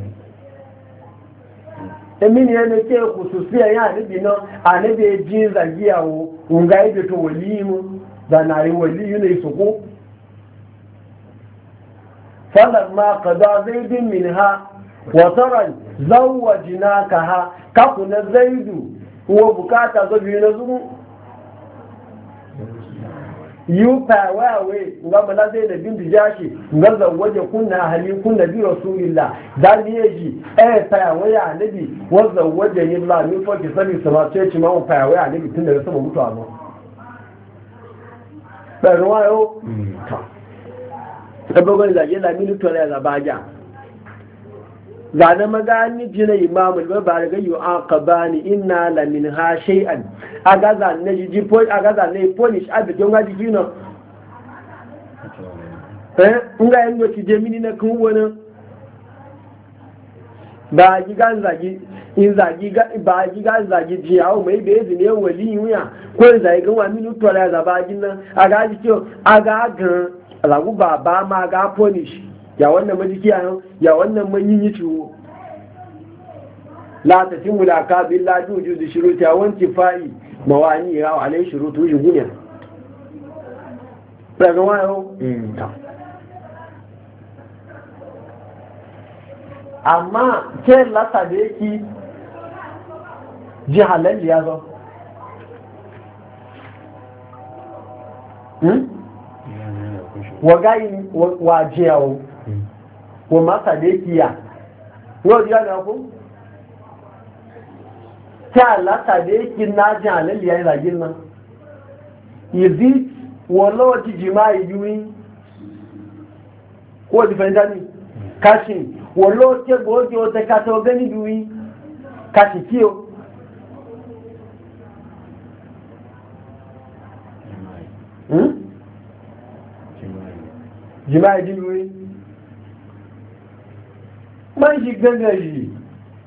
emini yana ke kususiya ya a na anibi ji zagiya wo nga ibe to walimu da na yi waliyu ne su ko falamma qada zaidin minha wataran zawajina ka ha kaku na zaidu wa bukata zo biyu na zuru yu fawawe nga bala zai da bin jashi nga zawaje kunna hali kunna bi rasulillah dan yeji eh fawawe annabi wa zawaje ni la ni fa ki sani sama ce ci ma fawawe annabi tun daga sama mutuwa ba ba ruwa yo ta ba ga la yela minuto la ba ja zane magani jina imamu ba ba ga yu an qabani inna la min ha shay'an aga zane jiji po aga zane polish abi jonga jino eh nga yango ti jemini na kun wona ba ji gan zagi in zagi ga ba ji gan zagi ji yawo mai be zi ne wali yuya ko zai ga wa minu to la za ba jin nan aga ji to aga gan lagu baba ma ga polish ya wannan majiki a ya wannan manyan yi ciwo la ta timu da ka bin la da shiru ta wanci fa'i mawani ya wa alai shiru tu yi gunya mm. ta amma ke lasa da yake ji halal ya zo hmm? wa gayi wa jiyawo wa masa da kiya yau ji gane ku ta da yake na jin halalli ya yi zagin nan izi wala ci jima'i ko fahimta ni Kashi wala ce goge wata kata wa gani kashi kiyo hmm? jima'i biyu man shi gangari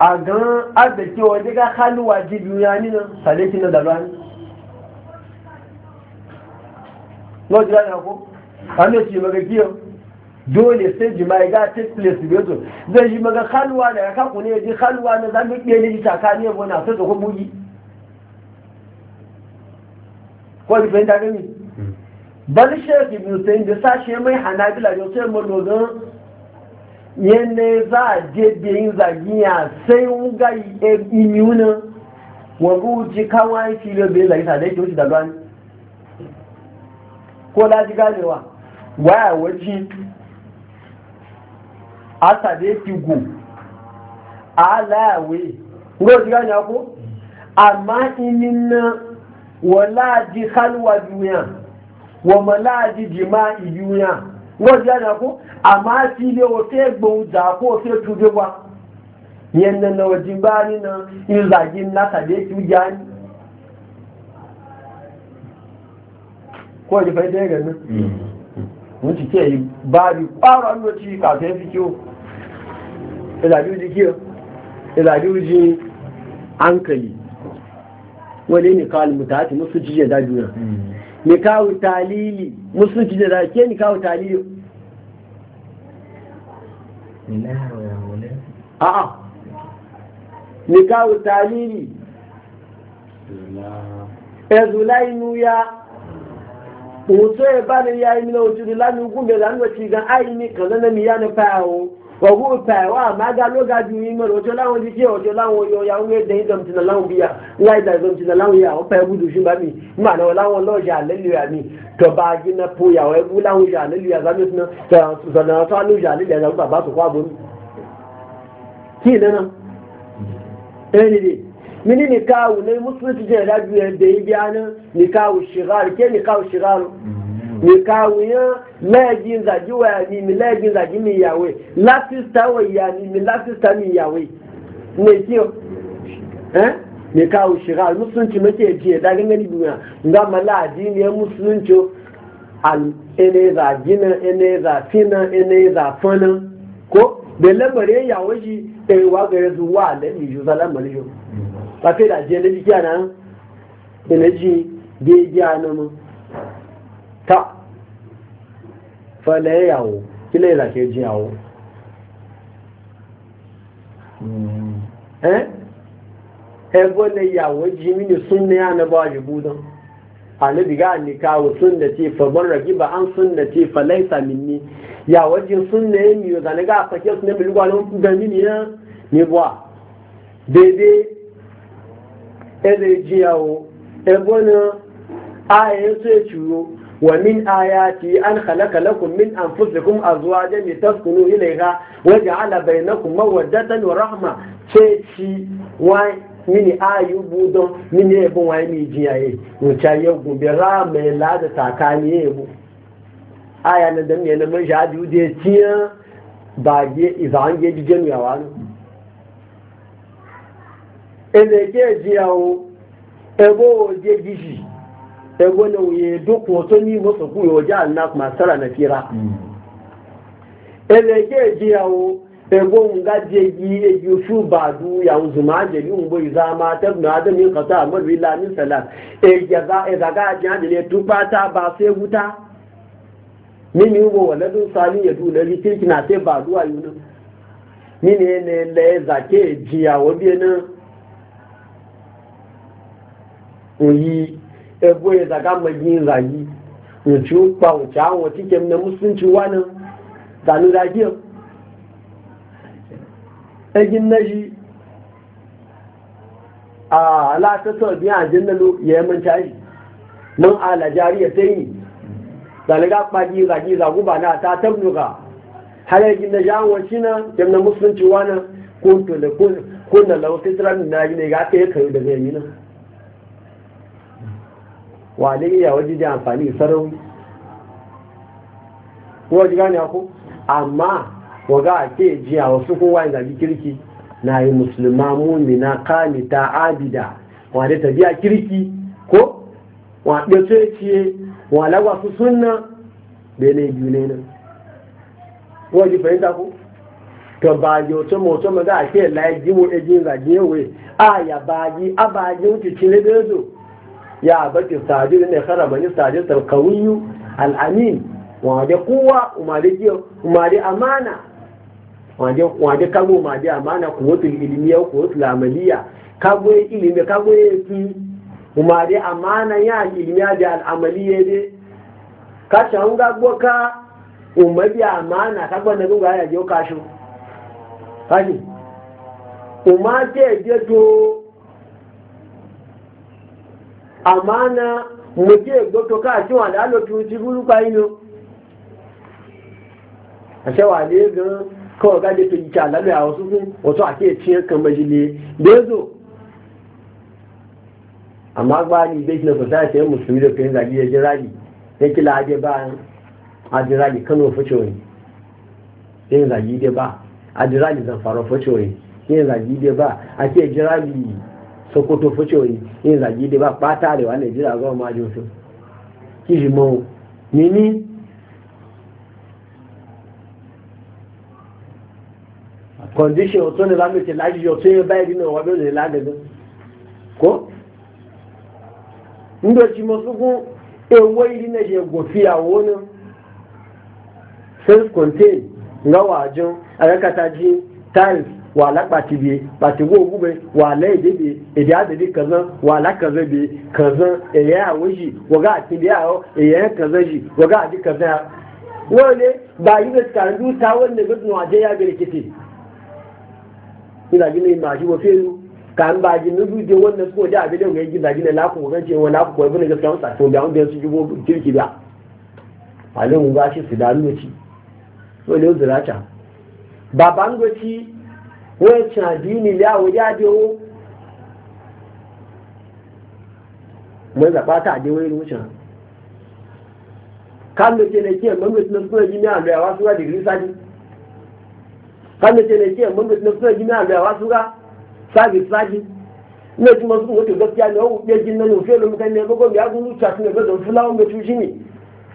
a gan arziki waje ga haluwa ji duniya ni nan sale shi na dalwani no jira na ko an da shi maga kiyo dole sai jima'i ga take place be to zai yi maga haluwa da ka ku ne ji haluwa na zan biye ne ji takani ne bona sai ko bugi ko ji fahimta gani hmm. bal shek ibn sayyid da sashe mai hana da sai mu dogon yene za a je biyin zagiya sai wuga e, imuna wagu ji kawai filo biyin zagisa da yake wuce da gani ko da ji ganewa waya waje a da yake go alawe ko ji ganewa ko amma inina wala ji halwa duniya wa mala ji jima'i duniya wọ́n ti yára kó àmọ́ àti ilé ọ̀tẹ́ gbòhùn jà kó o fẹ́ e tu dé wa yẹn nana òjì bá nínú ìlàjì ńlá tàbí ètò ìjà ni. kó o jẹ fẹ́ dẹ́ rẹ̀ náà mo ti tẹ̀ yìí báàbí ọ̀rọ̀ ló ti kàfẹ́ fi kí o ìlàjú di kí o ìlàjú di àǹkàlì wọ́n lé nìkan àlùmùtà àti mọ́sùn jíjẹ̀ dájú náà. mai kawo talili musulunci da za ke ni kawo talili a'a mai kawo talili ezula inu ya hoto ya bani ya yi mina hoto da lamin gumbe lamin wacce gan aini kazanan ya na fayawo ọgbọ́ pẹ̀wà mágáló gájú ìmọ̀ràn ọjọ́ láwọn ojú tí ọjọ́ láwọn oyọ ya ń dẹ̀ ìdọ̀m tìǹà láwọn bíyà ńlá ìdà tìǹà láwọn yà ọ̀pẹ̀ ẹ̀bùdù ṣùgbọ́n mi mà náà láwọn lọ́ọ̀ṣà àlẹ́lúyà mi tọba ajíná po yàwó ẹbú láwọn ṣà àlẹ́lúyà sábẹ́ sinú sọ̀nà tó Eh? Ni yẹn lẹ́ẹ̀gbin zàjí wà ní mi lẹ́ẹ̀gbin zàjí mi ìyàwó látìsítà wà ìyà ní mi látìsítà mi ìyàwó nìkí o musulunci mẹ́tẹ̀ ẹ̀jì ẹ̀dá gẹ́gẹ́ níbi wọn nga mọ́lá àdínì musulunci ẹnẹ́ ìzà jìnnà ẹnẹ́ fínà ẹnẹ́ fọ́nà kó bẹ̀lẹ́ ìyàwó yìí ẹ̀wà gẹ̀rẹ́ tó wà lẹ́yìn ìjọsọ́lá mọ̀lẹ́ yìí wọ́n ta fẹ́lẹ̀ ìyàwó kí lè ìlàṣẹ jí ìyàwó lè ìyàwó jí mí ní ànàbọ̀ àyùbú náà annabi ga ni kawo sunnati fa man ragiba an sunnati fa laysa minni ya waje sunna yin yo ga ya dede ومن آياتي أن خلق لكم من أنفسكم أزواجا لتسكنوا إليها وجعل بينكم مودة ورحمة شيء واي mini ayu budon mini ebon wa mi jiya o wuta ye gun bi ra me la da takani ye aya na dan ne na mun du de tiya ba ye izan ye di jenu ya wani ele ke jiya o ebo o je sai wani wuye duk wato ni musu kuyo waje na kuma sara na fira eleke jiyawo ego nga jeji eju shu badu ya uzuma jeli umbo izama tabna adam yin qata amal bila min salat e jaza e daga jan dile ta ba sai wuta mini ugo waladun sali yadu na litirki na sai badu ayuna mini ne le zake jiyawo bi na yi. ebo ya zaga magin zagi ya ci ba wuce an wata ke na musulunci wani zanu zagi egin na shi a alatasar biya a jinnalo ya yi manta shi nan ala jariya ta yi zaliga kpagi zagi zagu ba na ta tabnuka har egin gina shi an wace na ke na musulunci wani kuntu da kunna lausitran na yi ne ga ta yi kayu daga yi nan wale ya waje da amfani sarari waje gani ku amma waga a ke jiya wasu kowa yin zagi kirki na yi musulma mumina kamita abida wade ta biya kirki ko wade ce ciye wala wasu sunna da ne biyu ne nan fahimta ku to baaji oto mo oto mo da ake e ya eji mo a nzagi ewe aya baaji abaaji o ti tile bezo ya baki sajid ne kara sajid al-qawiy al-amin waje kowa umari jiyo umari amana waje waje kago umari amana ilimi yau, ilmiya kuwatul lamaliya kago ilimi kago fi umari amana ya ilimi ya da al-amaliya de ka shanga gboka umari amana ka na gugu ya jiyo kashu kashi umate je to amana na muke káàkiri wọn lálọ́ tó ti gúrú pa inú àṣẹwà lè gan kọ́ ọ̀gá jẹ́ tó yíká lálọ́ àwọn súnkún a àti ètí kan mẹ́jì lè dézò àmọ́ agbá ní ìgbésí náà sọ̀tá ẹ̀sẹ̀ mùsùlùmí ya fẹ́ẹ́ gbàgbé ẹjẹ́ ráyì lẹ́kí la ajẹ́ bá ajẹ́ ráyì kánú fọ́ṣọ̀rìn yẹn ìlàjì dé bá ajẹ́ ráyì zanfàrọ̀ fọ́ṣọ̀rìn yẹn ìlàjì dé bá sokoto fushoyi yin zagi da ba ɓata da wani jira zuwa majin su kishi mawu nini condition ọ̀tọ́ ni láti ṣe láti yọ tó yẹ báyìí wa ọwọ́ lónìí ládẹ́gbẹ́ ko. ndó tí masu sunkún ewé yìí náà yẹ gofi àwọ̀ náà self-contained nga wàá jẹun àyàkàtà ji, tiles wala ɓaci biye ɓaci gogu wa wala ede biye ede adadi kazan wala kaza biye kazan eye awo shi waga ati biye awo eye kazan shi waga adi kazan ya ne ba yi ga tsarin ta wanda ga tsuwa je ya gare kiti ina gina yin mashi wafe lu ka an ba ji nudu je wanda suko da abin da ga yi gina gina lafi ko gance wani lafi ko ibi na gaskiya wani sassan da su kirki a shi su da nuna ci zira wọ́n ṣe àdínì ilé àwòjá àdéhó mọ́ ìzàpátá àdéhó ìlú ṣàn kánú tẹ́lẹ̀ kí ní àlọ́ ẹ̀wá súgá dìgírí sáájú kánú ní àlọ́ ẹ̀wá súgá sáájú sáájú ní ètò mọ́sùn mọ́tò gọ́kí àná òun pé jí nínú òfin olómi kan ní mi agúnlú ṣàtúnṣe ẹgbẹ́dọ̀ fúláwọ́ mi sí mi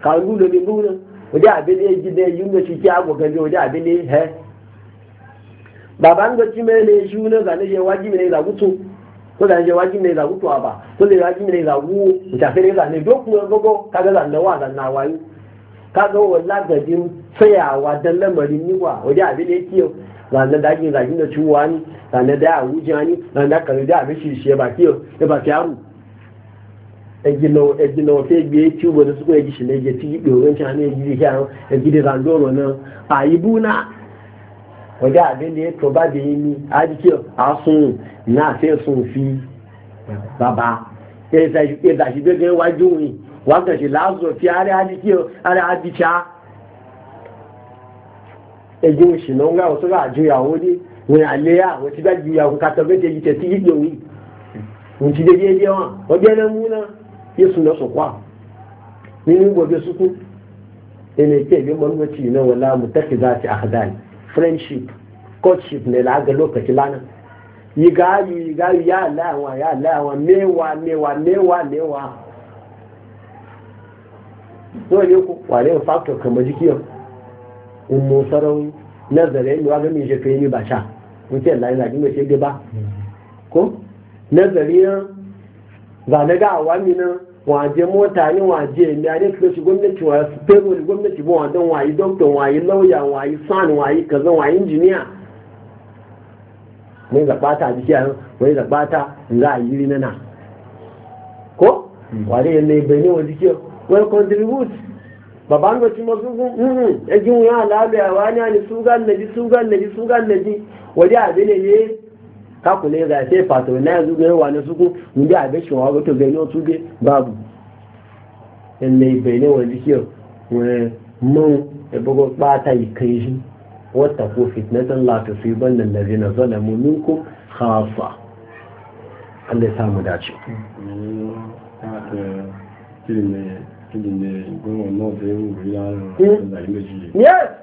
kàlú lóde gbóhùn náà àbẹ́lẹ́ jí dẹ́ yìí mi ti kí àbẹ́lẹ́ hẹ́ bàbá ń dọ̀tí mẹ́rin lè ṣú náà zàlẹ́ ṣe wájú mi lè zàgú tó kó zàlẹ́ ṣe wájú mi lè zàgú tó àbà zane lè wájú mi lè zàgú ìtàfẹ́ lè zàlẹ́ ìdókun ọgọ́gọ́ kágẹ́ zàlẹ́ wà zàlẹ́ àwáyé kágẹ́ wọ lágbẹ̀dẹ́ fẹ́ àwa dẹ́lẹ́mọ̀rin ne òde àbílẹ̀ tí o zàlẹ́ dájú zàjú náà tún wá ní zàlẹ́ dá àwùjọ ní zàlẹ́ kàlẹ́ dá àbí ṣìṣẹ́ bàtí o ẹ bàtí àrùn ẹjìnà ọ̀fẹ́ gbé tí ó gbọdọ̀ sókún ẹjì ṣẹlẹ̀ ẹjẹ tí ìgbèrò ń ṣe àná ẹjì rẹ̀ àrùn ẹjì ọjọ́ àbẹ́lé ètò bá bẹ̀ yín ní àdìkí àsun náà fẹ́ sun fi bàbá ìdàṣídẹ́gẹ́ wájú wìn wákàtí láàzọ̀ fi àárẹ̀ àdìkí àárẹ̀ àdìkí ẹjọ́ òṣìnà ńlá òṣìnà àjọyàwó ní wọn àléyà wọn ti bá jùyàwó kàtọ́ bẹ́ẹ̀ tẹ̀yí tẹ̀sí yíyọ yìí wọn ti dé déédéé wọn ọjọ́ ẹ̀rẹ́ mú náà yé sùn lọ́sùn kọ́ nínú gbọ̀gbẹ́ sukú ẹnì tẹ̀lé mọ́nú ti náà wọn láàmú tẹ́kì friendship courtship ne la ga lokaci lana yi gayu yi gayu ya lawa ya lawa mewa mewa mewa mewa so ne ku kware factor kama jikiyar umu sarauni nazarin wa ga mai shafe ni ba sha mutum lai zagi mai shege ba mm. ko nazarin zane ga awa minan waje mota ne waje ne a nufi shi gwamnati wa payroll gwamnati ba wadon wayi doctor wayi lauya wayi san wayi kaza wayi injiniya ne zaɓa a jiki a wani zaɓa ta za a yi nana ko hmm. wale ne bai ne wa wani contribute babban da cimma su kun hmm, hmm, ya ji wuya lalu ya wani ne su gan na ji su gan na ji su gan na ji wani abin ne kakule ga sai fato na yanzu ga yawa na suku mun ji abin wa wato gani wasu tube babu in ne bai wa wani jikiyar wani mun da e bugu bata yi kai shi wata ko fitnatan lati ban da lari na zana mu minkum hafa? Allah ya samu dace Yes!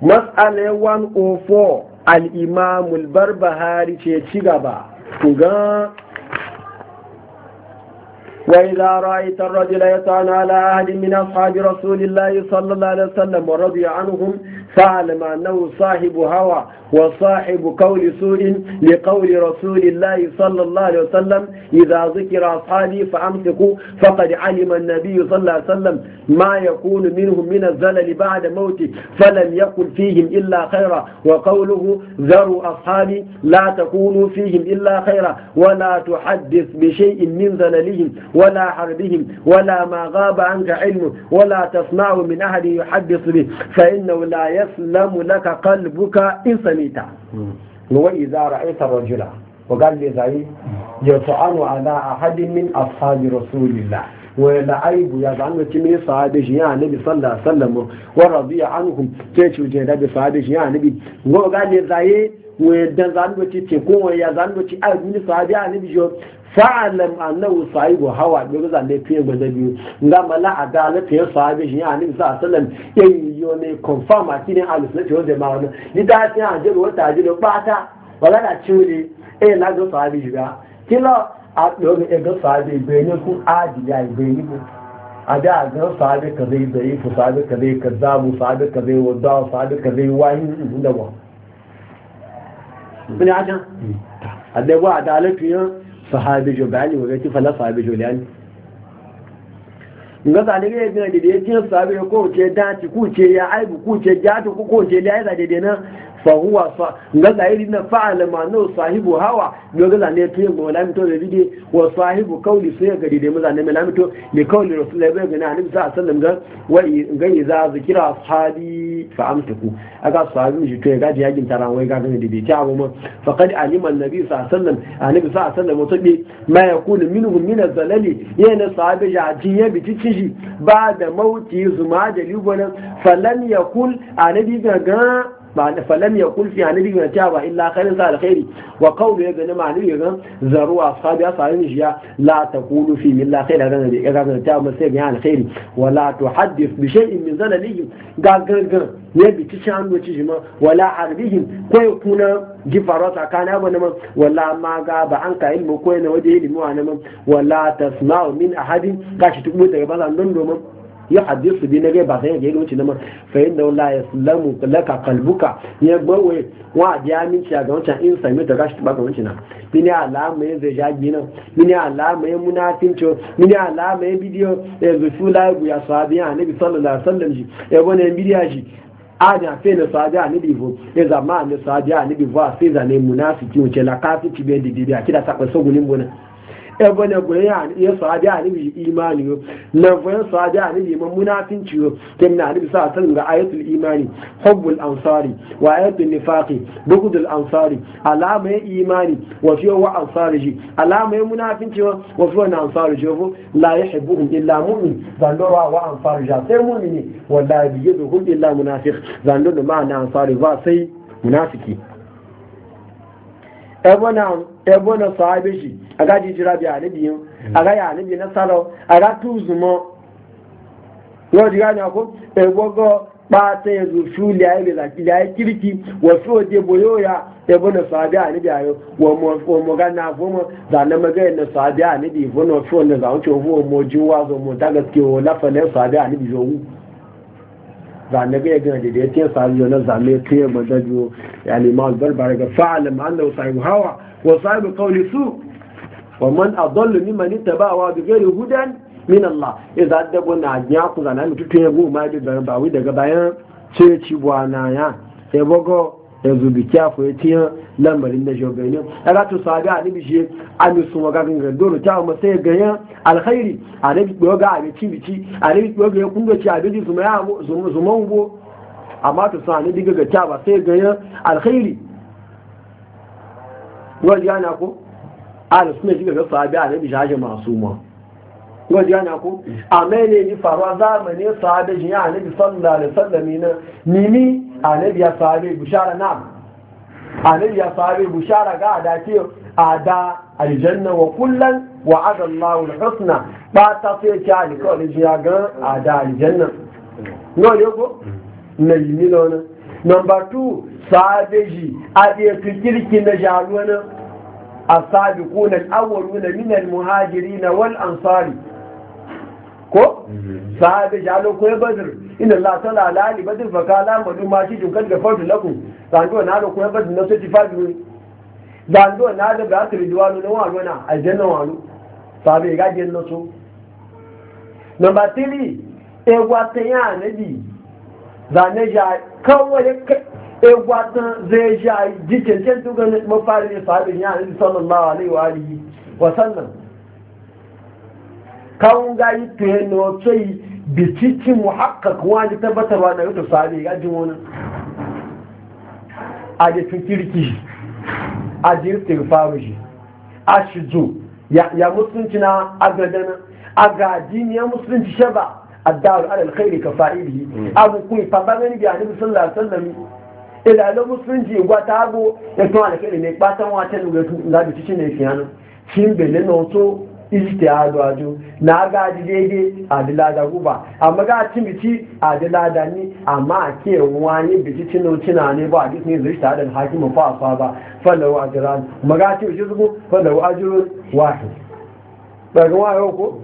masale 104 al’imamul barbahari ce ci gaba ga wai za ra'ayi tarrajila ya sa na ala ahadi mina sabi rasulillah ya sallallahu فاعلم أنه صاحب هوى وصاحب قول سوء لقول رسول الله صلى الله عليه وسلم إذا ذكر أصحابي فأمسكوا فقد علم النبي صلى الله عليه وسلم ما يكون منهم من الزلل بعد موته فلم يقل فيهم إلا خيرا وقوله ذروا أصحابي لا تكونوا فيهم إلا خيرا ولا تحدث بشيء من زللهم ولا حربهم ولا ما غاب عنك علمه ولا تسمع من أحد يحدث به فإنه لا يسمع yaslamu laka buka in samita wa idza ra'aita rajula wa qal li zai yata'anu ala ahadin min ashabi rasulillah wa la aibu ya zan ci min sahabi shi ya nabi sallallahu alaihi wasallam wa radiya anhum sai ci je da sahabi zai wadan zangoci ce ko waya zangoci a guni sahabi a ni bijo fa'alam annahu sahibu hawa bi ga ne fiye gwada biyu nga mala adalata ya sahabi shi ya ni sa sallam yayi e yo ne confirm akini alusunnati wal jamaa ni da ta aje ro ta aje ro pata wala da churi e la go sahabi juga kilo a do e go sahabi be ni ku aji ya be ni ku a da a gan sahabi kaza yi zai fi sahabi kaza yi kazzabu sahabi kaza yi wadda sahabi kaza yi wahi da من عاد adagwa adalatu yan sahabi jo bayani wa fala sahabi jo liyani nga zane yadda da ya ce sahabi ko ce dace kuce ya aibu kuce ce jato ku ko ce liya da na fahuwa sa ga zahiri na fa'ala ma sahibu hawa ne ga zane ta yin mawala mito da rige wa sahibu kauli sai ga dide mu zane mala mito ne kauli rasulullahi bai gani annabi sa sallam ga ga iza zikira ashabi fa amsaku aga sahabi shi to ga da yakin wai ga ga dide abu ma sallam sallam to bi ma ya min zalali yana sahabi ya jiye bitici shi ba da mauti zuma da libana falan yakul ba falam ya kulfi a nabi mai ba illa khairin sa alkhairi wa qawlu ya gani ma'ani ya gan zaru ashabi ya sa'in jiya la taqulu fi illa khairin ran da ga ga ta mu sai ga alkhairi wa la tuhaddith bi shay'in min zalalihi ga gargar ne bi ci an wuce jima wala arbihim ko ya kuna gifaro tsakana ba nan wala ma ga ba an ka ilmu ko ne waje ilmi wa nan wala tasma'u min ahadin kashi tubu daga bazan don domin ya hadisu bi na ba sai ya gaiba ma da wula la yaslamu laka kalbuka ya gbawo wa ji minci a wancan in sami ta gashi ba ga na mini alama ya zai jagi nan mini alama ya munafinci mini alama ya bidiyo ya zufu la ya sahabi annabi sallallahu alaihi wasallam shi ya bane bidiya shi aja fe na sahabi annabi fo ya zama ne sahabi annabi fo sai zane munafiki wuce la kafi ci be didi kida ta kwaso gulin bonan ebe na goyen ya sahabi bi imani yo na goyen sahabi alibi man munafinci yo Kin na alibi sa san ga ayatul imani hubbul ansari wa ayatul nifaqi bughdul ansari alama ya imani wa fi wa ansari alama ya munafinci yo wa fi wa ansari jo la yuhibbuhum illa mu'min zandoro wa ansari ja sai mu'mini wallahi bi yaduhum illa munafiq zandoro ma na ansari ba sai munafiki ebe na ebo na sahabe shi a ga jijira bi anabi yin a ga ya anabi na salo a ga tuzu mo yau ji gani ako ebo go pata ya zo su liya ya zaki liya e kirki wasu waje boyo ya ebo na sahabe anabi ayo wa mo ga na fo mo da na ma maga e na sahabe anabi fo na fo na za wuce fo mo ji wa zo mo ta gaske wa lafa na sahabe anabi zo wu zane ga gina da ya ce sariyo na zane kai madadu ya limal barbara ga fa'alam annahu sahibu hawa wa sahibu kauli su wa man adallu mimman ittaba'a da gari hudan min Allah a dabu na ya ku zana mutu ya gu ma da ba bawai daga bayan ce ci bwana ya ya bogo yanzu bi kya ko tiya lambarin da shoganin daga ratu sabi a nibi shi a mi su maga gangan dole ta amma sai ganya alkhairi a nibi doga a bi bici a nibi doga ya kunga ci a bi su maya su ma ubo amma to sa ni diga ga ta ba sai ganya alkhairi wani yana ko a da suna shiga ga sabi a nibi shaje masu ma wani yana ko a mai ne ni faruwa zamanin sabi shi ya nibi sallallahu alaihi wasallam ni annabi ya sahabe bushara na annabi ya sahabe bushara ga ada ce ada aljanna wa kullan wa ada Allahu al-husna ba ta sai ce alƙawari ya ga ada aljanna no yego na yimi lona number 2 a iya kirki na jaluwa na السابقون muhajiri من المهاجرين والأنصار ko mhm. sahabe jalo ko badr inna allah sala ala ali badr fa kala madu ma shi jun kan gafartu lakum zando na do ko badr na sai fadu zando na da ba tri duwanu na wano na aljanna wano sahabe ga je no so number 3 ewa tanya nabi zane ja kawai e tan zai ja jikin tun ga mafarin sahabe ya nabi sallallahu alaihi wa alihi wa sallam kawo gayi ta yi na wato yi bikici mu haka kuwa ji tabbatar wa da yadda sami ga jin wani a ga tun kirki a ji tun faru shi a shi zo ya musulunci na agadana a gaji ne ya musulunci shi ba a dawar alal khairi ka fa'ili mm. abu kuwa fa ba gani biya ni musulunci a sallami ilalo musulunci ya gwata abu ya tun alkhairi ne ba ta mawa ta lura ga bikici ne fiye nan shi bele na wato ijtihadu aju na ga adidede daidai a guba amma ga cin bici a ni amma a ke wani bici cinu na ne ba a ne zai ta da hakimu fa fa ba fallawa ajran maga ci bici zugo fallawa ajrun wahid daga wa yau ko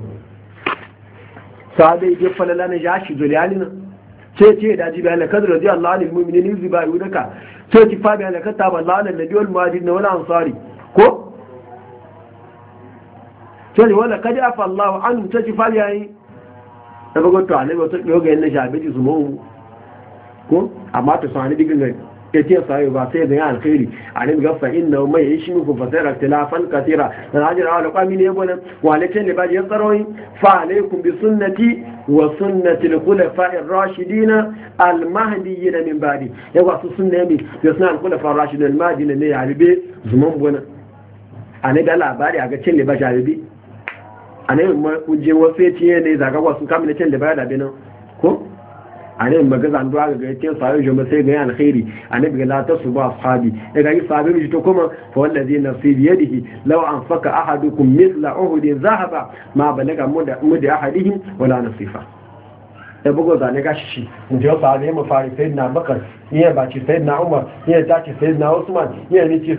sahabe ke falala na ya shi nan sai ce da ji bayan kadar radiyallahu anil mu'minin yuzi ba yudaka sai ki fa bayan kadar ba Allah nabi wal muhajirin wal ansari ko sọ́rọ̀ wọ́n lẹ́kọ́ jẹ́ àfàláwọ̀ ánù tó ti fàrí ayé ẹgbẹ́gbẹ́tọ̀ àlẹ́gbẹ́ tó ta sa lẹ́ṣà àbẹ́jì súnmọ́ ohun kó àmàtẹ̀sán àníbígbìn rẹ̀ da ẹ̀sà yorùbá sí ẹ̀dẹ̀ àlẹ́kẹ́rì àníbígbà fa iná ọmọ yìí ṣí bá jẹ́ sọ́rọ́ fa wa Rashidina almahdi na min bàdì ẹgbà sún súnnàmì bí súnnà lùkúlẹ̀ almahdi na ne labari àgàcẹ́ lè anayin kuje wasu ya ne zaga wasu kamun ne can da baya da benin ko anayin magaza an duwa ga yake sayo jama sai ga yan alkhairi Ani ga latar su ba ashabi ya ga yi sahabi mai to kuma fa wallazi nafsi bi yadihi law faka ahadukum mithla uhud zahaba ma balaga mudi ahadihi wala nasifa da bugo zane ga shi inda ya sahabi mu fari sayyidina bakar iya sai na umar iya taci na usman iya ni ci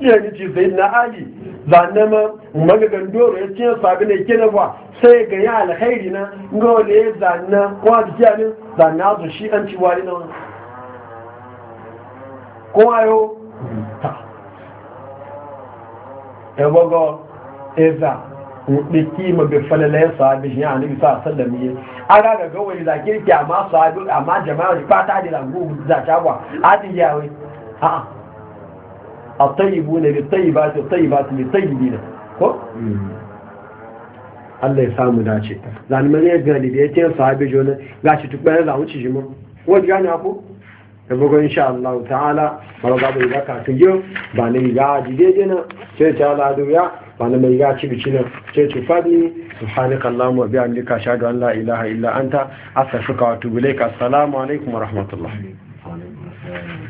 iya nici sai na ali zanne ma magagan doro ya ce sabi ne kina ba sai ga ya alkhairi na ga wale zanne kuma da kiyani zanne su shi an ci wani na wani kuma yau ta ya bago eza ɗi kima bai falala ya sabi shi ya nabi sa sallam yi an ga ga wani zakirki amma sabi amma jama'a ne fata da zango za ta ba a ya yawai a'a الطيبون بالطيبات والطيبات للطيبين ko Allah ya samu dace zalimin ya gani da ya ce sahabi jona ga shi tukbayar da wuce shi mun wani gani ku da bugu insha Allah ta'ala mara babu riga yau ba na riga ji daidai na sai ta lado ya ba na mai riga ci bici na sai ci fadi subhanaka allahumma wa anta astaghfiruka wa atubu ilaik assalamu wa